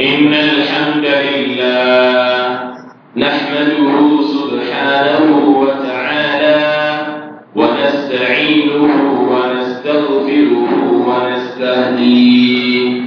إن الحمد لله نحمده سبحانه وتعالى ونستعينه ونستغفره ونستهديه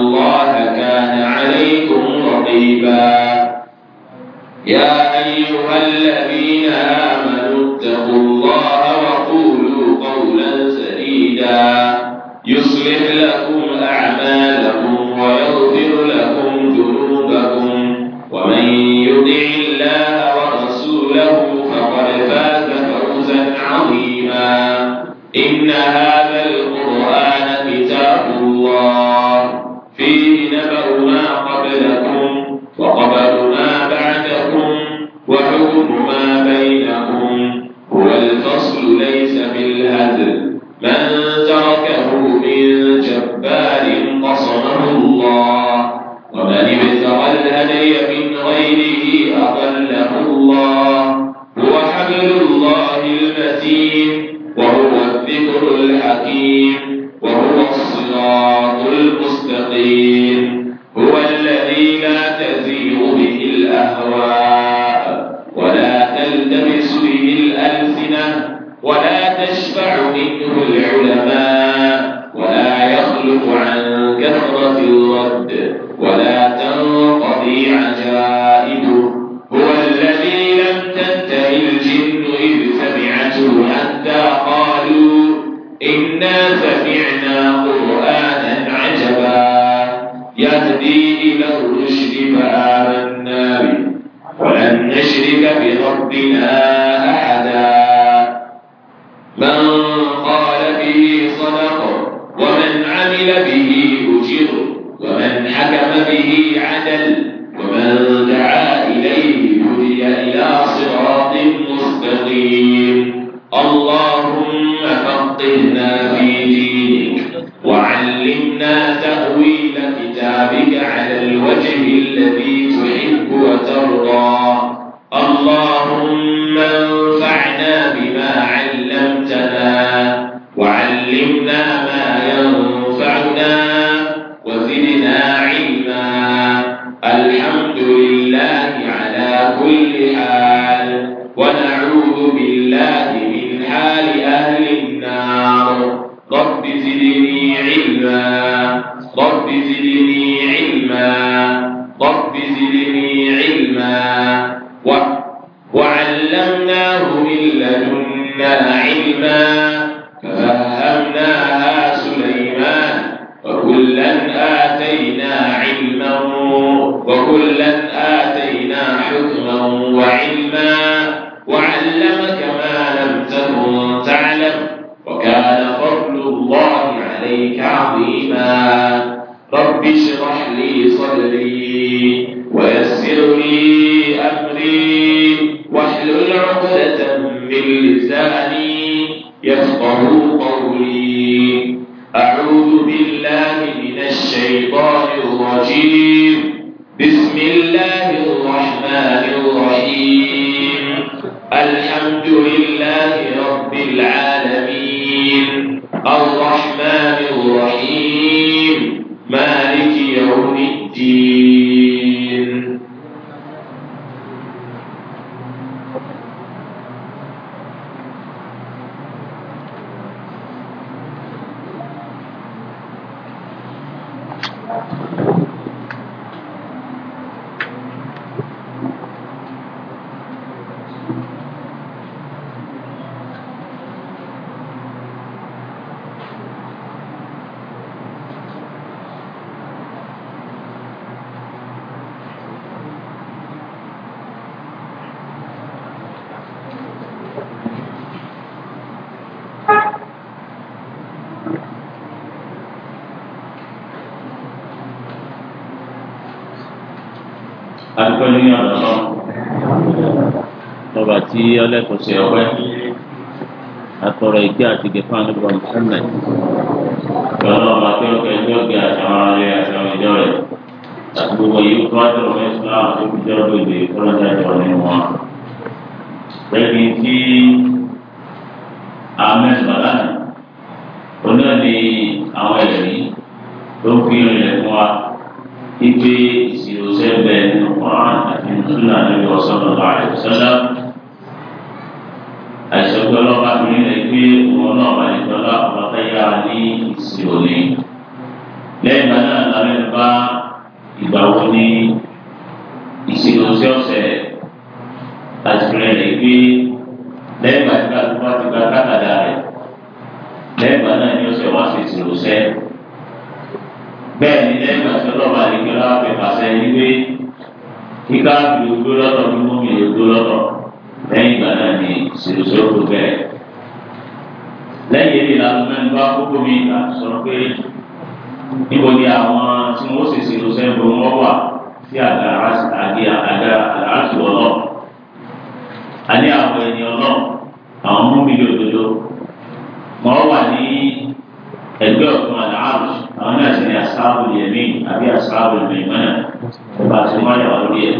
الله كان عليكم رقيبا يا أيها الذين آمنوا اتقوا الله وقولوا قولا سديدا يصلح لكم أعمالكم الرحيم اللهم فقهنا في Obrigado. dúpẹ́ ní ọ̀dọ̀ náà ọba tí ọlẹ́kùn ṣe ọpẹ́ atọrọ ìgbé àti gẹ̀fà nípa mùsùlùmí ìjọba ọba tí ó kẹjọ ọgbẹ àtàwọn ọ̀rẹ́ àtàwọn ìjọ rẹ àti gbogbo yìí tó wájú ọmọ islam tó fi jọ gbèbè kọlọjà jọ nínú wọn. lẹ́bi tí ahmed balani onáà ní àwọn ẹ̀rí tó fi rìn lẹ́fún wa ipe. àlàáṣì àbí àdá àlàáṣì ọlọ́ àní àwọn ẹni ọlọ́ àwọn múmílì òdodo wọn wà ní ẹgbẹ́ ọ̀tún àlàáṣì àwọn náà sì ní asáàbù yẹmí àbí asáàbù mẹ̀mẹ́nà ọba àti mọ́lẹ̀ wà lórí ẹ̀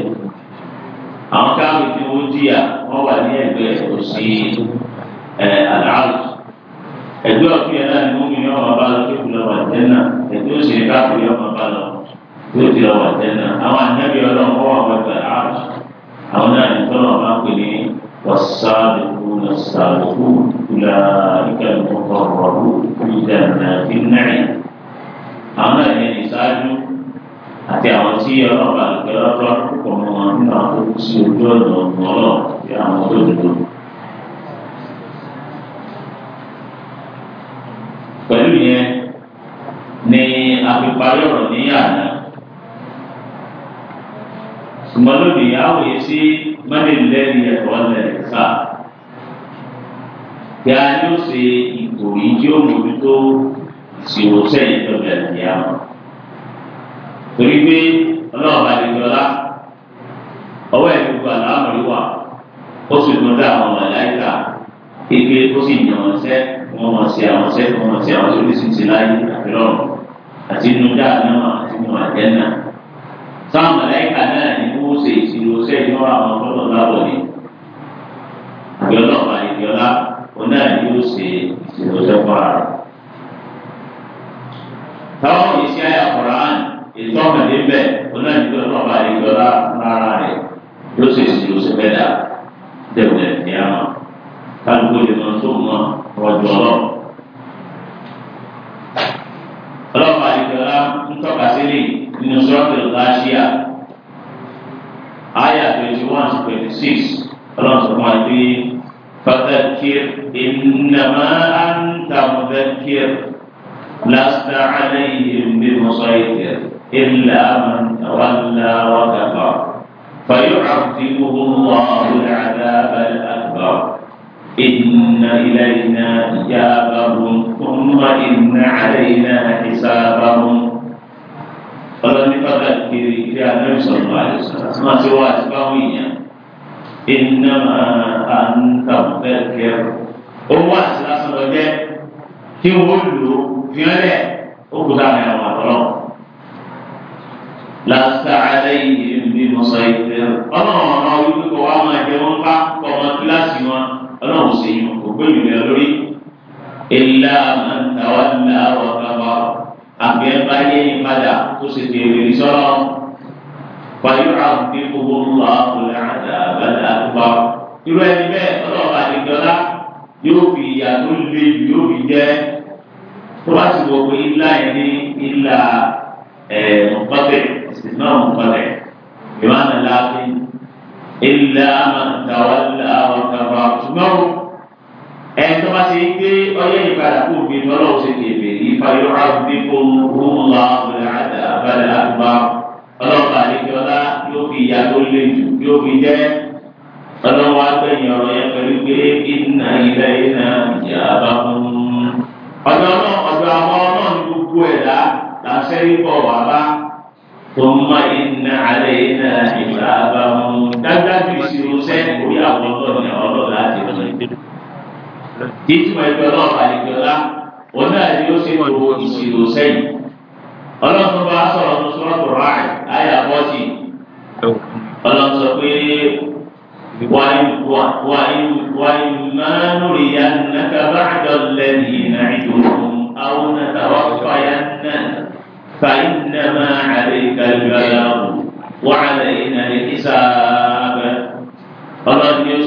àwọn káàmì tí wọ́n jìyà wọ́n wà ní ẹgbẹ́ òsì àlàáṣì ẹgbẹ́ ọ̀tún yẹn náà ni múmílì ọmọ bá lọ kí kùlọ̀ wà jẹ́ náà ẹgbẹ́ òsì káàkiri ọmọ bá lọ yóò di ọwọ́ àtẹnà àwọn ànábì Ọlọ́run ọwọ́ àwọn ọgbà ààrùn àwọn náà ní tọrọ máa ń pè ní wasaabiku nasaabiku kula ikẹlẹmọ kọrọrọ kúlẹ nàbí nàì àwọn náà ní ìṣáájú àti àwọn tí Ọlọ́run bá lùkẹ lọ́tọ̀ àkókò wọn nínú àwọn tó sí ojú ọ̀nà ọ̀nà àti àwọn tó dùdú. pẹ̀lú yẹn ni àfipáyọ̀rọ̀ ní àná ṣùgbọ́n lónìí àwọn yìí sí mọ́nìlélẹ́ni ẹ̀kọ́ lẹ́yìn sá kí a yóò ṣe ìtò yìí tí ó mójútó ìṣirò sẹ́yìn tó bẹ̀rẹ̀ ní àwọn. torí pé ọlọ́ọ̀bà lè jọlá ọwọ́ ẹ̀ gbogbo àlámọ̀rí wà ó sì tún dá àwọn màláìkà ike ó sì yàn wọ́n sẹ́ wọ́n mọ̀ sí àwọn sẹ́ wọ́n mọ̀ sí àwọn sórí sí láyé àti àti inú dáa náà àti inú àjẹ́ náà táwọn mọ̀lẹ́kà náà ní kó ṣe ìṣirò sẹ́yìn náà àwọn ọlọ́dọ̀ láwọ̀ ni àbíọ́lọ́pàá ìbíọ́lá òun náà yóò ṣe ìṣirò sẹ́kọ̀ọ́ rẹ̀. táwọn ìṣe àyàkọ̀rọ̀ àn ètò ọ̀mọ̀lẹ́ bẹ̀ òun náà yóò lọ́pàá ìbíọ́lá rárá rẹ̀ yóò ṣe ìṣirò sẹ́fẹ́ dà dẹ̀wẹ̀ ní àmọ́ kálukú lè mọ tó mọ rọjò ọlọ́ ọlọ́pàá ìbíọ́lá ń tọ́ka sílẹ̀ yìí nínú sọ́ọ̀tì láṣíà àyà twenty one to twenty six ọlọ́run sọ fún wa pé fàtàkìr ìnàmá àǹtà mọ̀tàkìr lásìtà àlẹ́yìn bí mọ̀sáìkìr ìlà àwàlà wàgàbà fàyọ̀ràbìwò wàhùn àdàbà àgbà. إن إلينا إيابهم ثم إن علينا حسابهم ọlọ́ni pàtàkì tí a ní sọ̀rọ̀ àìsàn máa ti wá àti báwọn èèyàn iná máa ń ta bẹ́ẹ̀ kẹrù owó àti lásán lọ jẹ́ kí wọ́n lò ó fi hàn lẹ̀ ó kú dáhùn àwọn àtọ́lọ́ lásìkò yìí ń bí yìí fẹ́ ọlọ́run ọ̀nà wípé kò wá máa jẹ wọ́n bá ọmọ kíláàsì wọn ọlọ́run sì yàn kò gbé ìrìn lórí ìlà àmàntàwálà wàkàbà àbí ẹ bá yé yín padà tó sì ti èrè sọ́nà fàyọ̀rà bí gbogbo ńlá ọ̀lẹ́ àdá àbálẹ̀ àdúgbò. irú ẹni bẹ́ẹ̀ ọlọ́ọ̀bà àdìgbọ́lá yóò fi ìyá tó le jù yóò fi jẹ́ tó bá ti wọ̀ pé ilá yẹn ní ilá mọ̀kọ́tẹ̀ ìsìn náà mọ̀kọ́tẹ̀ ìmáàmì láàfin ilá màtàwálà àwọn kàfà ṣùgbọ́n ẹnitọ́ bá ti gbé ọyẹ́ ìpadà kó gbé tọ́lọ́ ṣe kébè ìfayọ́ àbíkó rúmùlá ọ̀rẹ́ àdá abalẹ̀ àgbà ọlọ́pàá àdéjọ́lá yóò fi ìyá tó lé jù yóò fi jẹ́ ọlọ́wọ́ agbẹ̀yìn ọ̀rọ̀ yẹn pẹ̀lú pé iná ilẹ̀ iná ìyá bá fún un. ọ̀dọ̀ náà ọ̀dọ̀ àwọn náà ní gbogbo ẹ̀dá làṣẹ ìbọ̀ wà bá tọ́mọ títí wọn ẹgbẹ́ ọlọ́pàá àlejòọlá wọn náà ni ó ṣe gbogbo ìṣirò sẹ́yìn ọlọ́run bá sọ̀rọ̀ tó sọ̀rọ̀ tó rà áyà bọ́tì ọlọ́run sọ pé wàyí máa lórí ya nàkà bá àjọ lẹ́nu yóò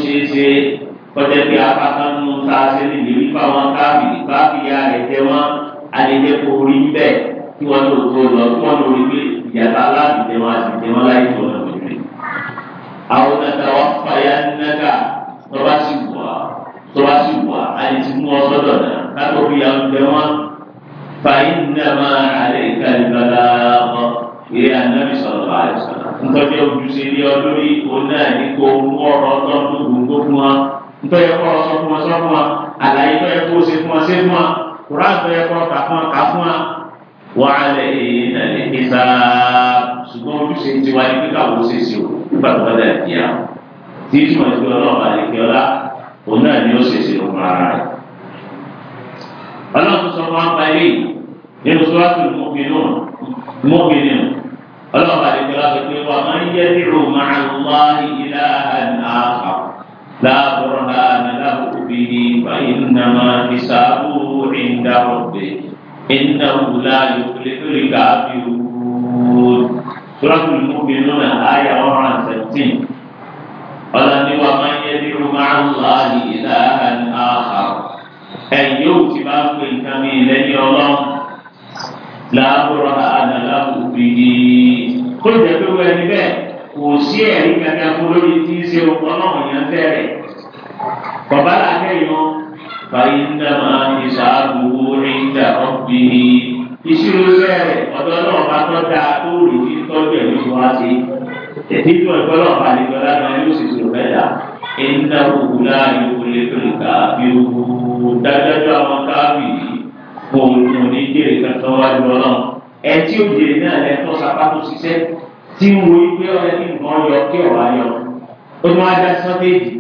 ṣe é ṣe kọjá pé apákan nù tá a ṣe lè lérí fáwọn káàbì báàbìyà rẹ̀ jẹ́ wọ́n alẹ́jẹ́ kó rí bẹ́ẹ̀ kí wọ́n tó tó lọ kí wọ́n lórí pé ìyàtọ̀ aláàbì jẹ́ wọn àti wọn láì tó lọ lórí. àwọn nàta wà fàyà nàgà tọ́ba sì wà tọ́ba sì wà àyè ti mú ọ sọ́dọ̀ kátó fi àwọn jẹ wọn fàyín nàmà àlẹ́ ìkàlùbàlà ọ ìrẹ́ ànábì sọ̀rọ̀ àìsàn. ntọ́jú ojúṣe ilé ọdún yìí òun náà ní kó mú ọ̀rọ̀ ọlọ́dún gbogbo fún wa ntọ́ yẹ kọ́ sọ fún wa sọ fún wa àlàyé tọ́ yẹ kó ṣe fún wa ṣe fún wa kura tọ́ yẹ kọ́ kà fún wa kà fún wa wà á lè nàlẹ́ kíta ṣùgbọ́n ojúṣe ti wá ní kíkà wò ṣe ṣe o nígbà tó bá dà bí a tí ìtumọ̀ ìgbẹ́ ọlọ́run àlè kí ọlá òun náà ni ó ṣe ṣe òun ara rẹ̀ ọlọ́run sọ fún wa parí nínú sọ́wọ́sì mọ́kìnnù mọ́kìnnù ọlọ́run àlè kí ọlá sọ pé wà máa ń yẹ لا برهان له به فإنما حسابه عند ربه إنه لا يفلح الكافرون سورة المؤمنون آية 160 قال ومن يدعو مع الله إلها آخر أن يكتب في كميل يوم لا برهان له به قل جدوا بيه kò sí ẹ̀rí kankan fún lórí tí ń ṣe ọkọ náà yẹn fẹ́rẹ̀ bàbá làákẹ́ yan báyìí ń dá máa ń ṣàbò orí ń dà ọ́gbìn ìṣirò fẹ́rẹ̀ ọ̀dọ́ náà bá tọ́ da tó rí ní tọ́jú ẹ̀mí wá sí tẹ̀tí tó ẹ̀kọ́ náà bá lè gbọ́dá náà yóò sì ṣòro mẹ́ta ẹ̀ńdà òkú láàyè olè pẹ̀lú káàbí òkú dájọ́jọ́ àwọn káàbí òun ní jèrè kankan wájú tí ń wo ipe ọ̀rẹ́ ní nǹkan yọ kí ọ̀rọ̀ ayọ̀ ó ní wọ́n á dá sọ́téèjì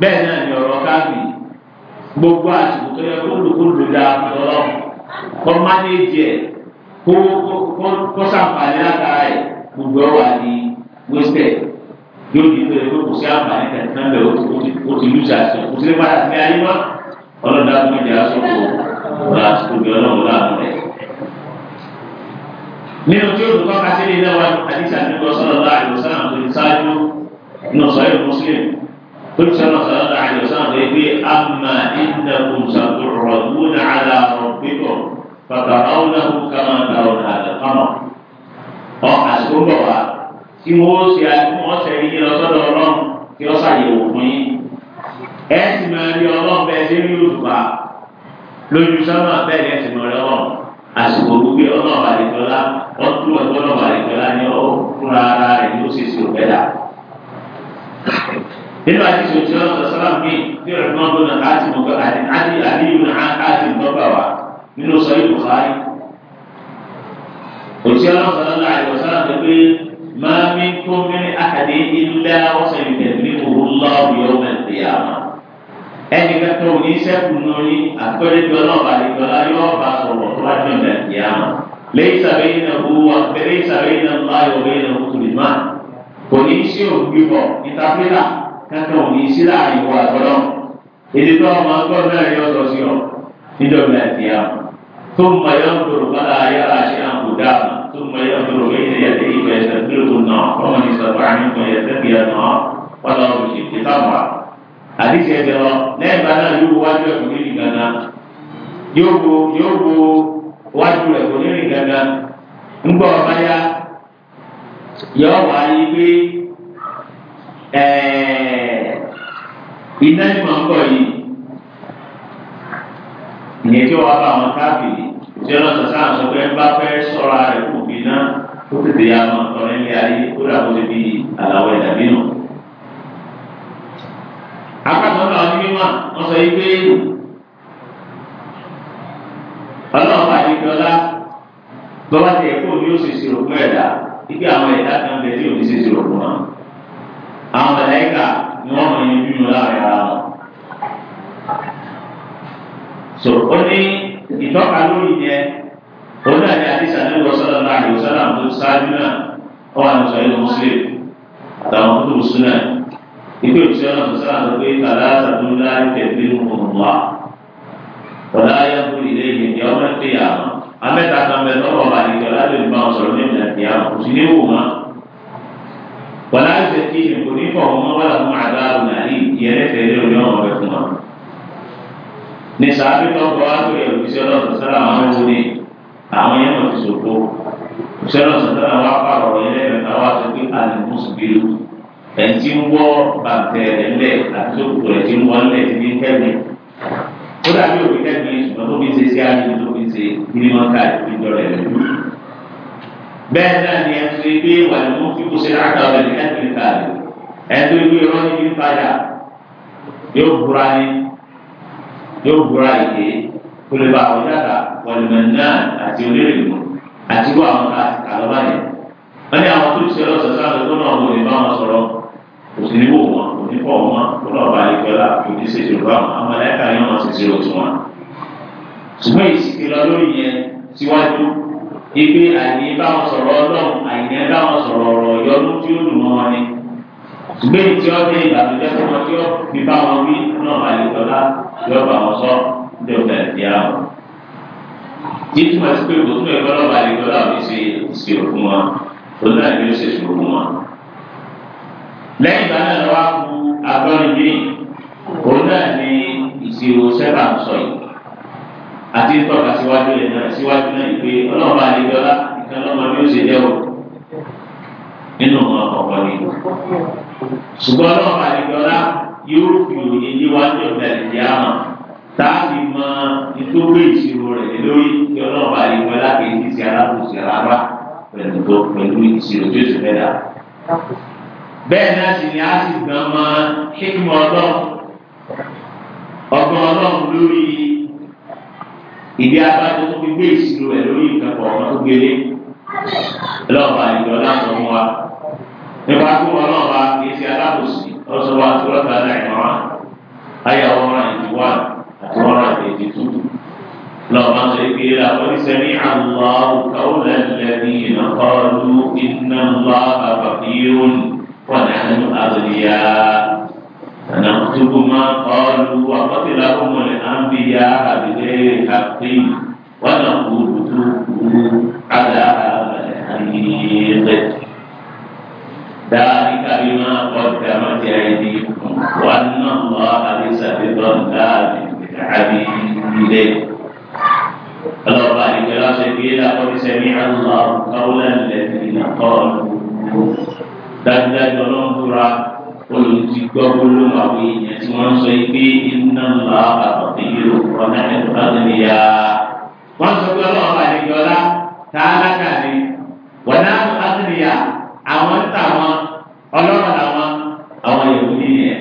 bẹ́ẹ̀ náà ni ọ̀rọ̀ káàbì gbogbo àsìkò tó yẹ kó lòkó lò dáa lọ́wọ́ kó mánéèjì ẹ̀ kó kó kó sàǹfààní látara ẹ̀ gbogbo ẹ̀ wà ní wẹ́sítẹ̀ yóò di pé kó kò sí àǹfààní kankan bẹ̀ ó ti lùsà sí kò sí lè ayé wá ọlọ́dà tó ń jẹ́ aṣọ́kò ọ̀rọ̀ àsìkò bí ọlọ́run láàbù rẹ̀ nínú tí o tọ́ka sí ilé wa àdìsí àdìgbò sọlọ́lá àdìgbòsán àti ìsáájú nù sọ́yìn mùsùlùm olùsọ̀rọ̀ sọlọ́lá àdìgbòsán àti ìgbé àmà ìdá kùnsàtò rọ̀dúnà àlà rọ̀bìkọ̀ bàbá ọ̀nàhùn kàmá dàrọ̀ àdàkọ́mọ̀. ọ àsìkò ń bọ̀ wá tí wọ́n ṣe àdìmọ́ yìí lọ́sọ̀dọ̀ ọlọ́run kí ọ àsìkò gbogbo ọ̀nà àdìgbọ́lá ọdún ẹ̀gbọ́n ọ̀nà àdìgbọ́lá ni ó fúnra ara rẹ̀ ló ṣe sí òbẹ́ dà. nínú àdìsí òtí ọ̀nà sọ́sọ́lá mi bí ọ̀rẹ́ náà gbọ́dọ̀ láti mọ̀ pé àdí àdíyù náà káàdì lọ́gbà wá nínú sọ yìí bùkárí. òtí ọ̀nà sọ́sọ́lá àdìgbọ́sọ́lá mi pé máa mi kún mi àkàdé ilé ọ̀sẹ̀ ìtẹ̀lé òun lọ́ọ̀bù yọ ẹnì kẹtọ òní sẹ́kù lórí àgbẹ̀rẹ̀dọ̀ ọlọ́ọ̀bà nìkọ́lá yóò bá sọ̀rọ̀ tó wá jọ̀ náà kí á mọ̀ lẹ́yìn sàbẹ̀ yìí náà wú wa lẹ́yìn sàbẹ̀ yìí náà wú ayọ̀ lẹ́yìn náà wú tòlì má kò ní í sí òkú bọ̀ ìtàpínlà kẹtọ òní sí láàrin wà gbọ́dọ̀ èdè tó ọmọ gbọ́dọ̀ náà yọ sọ sí ọ níjọ́ náà kí á mọ̀ tó mọ yọ ńdòrò bàlá ayára ṣe àǹkódà tó mọ yọ ńdòrò lẹ́yìn yẹtẹ ìfẹsẹ̀ gbèrò àdìsí ẹ̀jẹ̀ lọ lẹ́yìn bá náà yóò wájú ẹ̀kọ́ nínú ìgbàgbà yóò bo yóò bo wájú ẹ̀kọ́ nínú ìgbàgbà ńgbọ́ ọba ya yọ wá yí pé ẹ̀ẹ́ iná ní mọ̀ ń bọ̀ yìí ìyẹn tí wọ́n bá àwọn káàkiri tí wọ́n sọ sáà sọ pé ń bá fẹ́ sọ́ra rẹ̀ kò bí náà ó tètè ya mọ̀ ọ̀rẹ́ ilé ayé kó dà bó àlàó ẹ̀dàbí náà akpàtàn náà ní mímọ́ wọ́n sọ yìí pé ọlọ́ọ̀bá yìí dọ́lá bọ́lá ti ẹ̀kọ́ ní òṣèṣì òkú ẹ̀dá ibi àwọn ẹ̀dá kan bẹ̀ tí òṣèṣì òkú náà àwọn mẹ̀lẹ́kà ni wọ́n mọ̀ ní bímọ láàrin ara wọn. so ó ní ìtọ́ka lórí yẹn òun náà ní àdìsá ní wọ́sọ́lá láàrin wọ́sọ́lá tó ṣáájú náà ó wà ní sọ̀rọ̀ ìlú àtàwọn tó tó mùsùlùmí náà ibi òṣìṣẹ́ náà kò sáà lọ pé tàlá àtàkùn láì tẹ̀lé mọ̀ wá tọ́lá ayáwó ilé yìí ẹ̀ ọmọ ẹgbẹ́ yà wọn amẹ́ta kan bẹ lọ́wọ́ bá ní tọ́lá lè bá wọn sọ̀rọ̀ ní ìlànà kò sí ní wò wọn. wọ́n á ṣe kí ìṣèkò ní fọ̀wọ́n wọn wọ́n làwọn àdáàrùn àlè ìyẹnẹ́fẹ̀ẹ́ ní orí ọ̀rọ̀ fún wọn ẹtí ń wọ bàtẹ ẹlẹ àti òkú ẹtí ń wọ ẹlẹ ti ní kẹmí ó dàbí òbí kẹmí ṣùgbọ́n tó fi ṣe sí àyè tó fi ṣe mínímọ́tà ìjọ rẹ̀ lẹ́nu. bẹ́ẹ̀ náà ni ẹtú ilé wà ní mú kí kò ṣe rákà ọ̀rẹ́ ní kẹ́kìrì káàdì ẹtú ilé irọ́ ní bí fàyà yóò búra ní yóò búra ìké kó lè bá àwọn yàrá wọlùmọ̀ náà àti onírè mọ́ àti wọ́n àwọn ká àlọ́ báyìí wọ́n ní àwọn tó ṣe lọ́sọ̀ọ́sọ́ àlọ́ tó náà wọlé bá wọn sọ̀rọ̀ kò sí níwò wọn kò ní pọ̀ wọn kó lọ́ọ́ bá lè gbọ́lá kò ní ṣèṣirò báwọn àwọn ẹ̀ka yẹn wọn ṣèṣirò tí wọn. ṣùgbọ́n ìsìnkú lọ lórí yẹn síwájú ibi àìní bá wọn sọ̀rọ̀ ọlọ́run àìní bá wọn sọ̀rọ̀ ọ̀rọ̀ yọlú tí ó dùn wọn ni. ṣùgbọ́n ìtí ọdẹ ìbànújẹ́ fún wọn tí ó fi bá wọn wí náà bá lè gbọ́lá yọ̀ọ́ bá wọn sọ ní ọ̀gá ìdí àwọn títí wọn ti pé gbogbo ẹgbẹ́ ọlọ́ba àdìgbọ́lá òní ṣe ìṣirò fún wọn òun náà lẹ́yìn ìgbà náà lọ́wọ́ kú agbọ́nidé òun náà ní ìṣirò sẹ́fà ń sọ yìí àti tọ́ka síwájú rẹ̀ náà síwájú náà yìí pé ọlọ́ọ̀bá àdéjọ́lá ìkan lọ́mọ bí ó ṣe jẹ́ o nínú ọ̀pọ̀ ni ṣùgbọ́n ọlọ́ọ̀bá àdéjọ́lá yóò fi òye níwájú ọ̀gá ìdíyà hàn táàbì mọ ìtòwé ìṣirò rẹ̀ lórí kí ọlọ́ọ̀bá àdéjọ́lá kì í ti ṣe alákòóso alára pẹ̀lú ìṣirò tó ṣe fẹ́ dà bẹ́ẹ̀ náà sì ni a sì gan máa hikima ọlọ́run ọgbọ́n ọlọ́run lórí ìdí abájọ tó fi gbé ìṣirò rẹ̀ lórí ìkẹ́kọ̀ọ́ ọmọ tó gbélé ọlọ́ọ̀bà ìjọ láti ọmọ wa nípa tó ọlọ́ọ̀bà kì í ṣe alábòsí ọ̀sọ̀ wa tó lọ́ta láìmọ́ra ayé àwọn ọmọ ìdí wà àti ọmọ ìdí tó lọ́ọ̀bà ń sọ pé àwọn oníṣẹ́ni àwọn ọ̀kà ó lẹ́nu lẹ́ni ìnákọ́ọ̀lù ìnáwó àbàbí òní. ونحن أغنياء نكتب ما قالوا وقتلهم الأنبياء بغير حق ونقول توبوا على الحريق ذلك بما قدمت أيديكم وأن الله ليس بظلام للعبيد الله عليك لا إلا قد سمع الله قول الذين قالوا dájúdájú ọlọ́run búra olùtí gbọ́ gbólóhùn àwọn èèyàn tí wọ́n ń sọ yìí pé iná ńlá àbọ̀tẹ́ yìí ó kọ́ náà ẹ̀kọ́ bá lè yá. wọ́n sọ pé ọlọ́run bá lè yọ ọlá tààlàkà ni wọ́n náà bá lè yá àwọn ń tà wọn ọlọ́run làwọn àwọn èèyàn ní ẹ̀.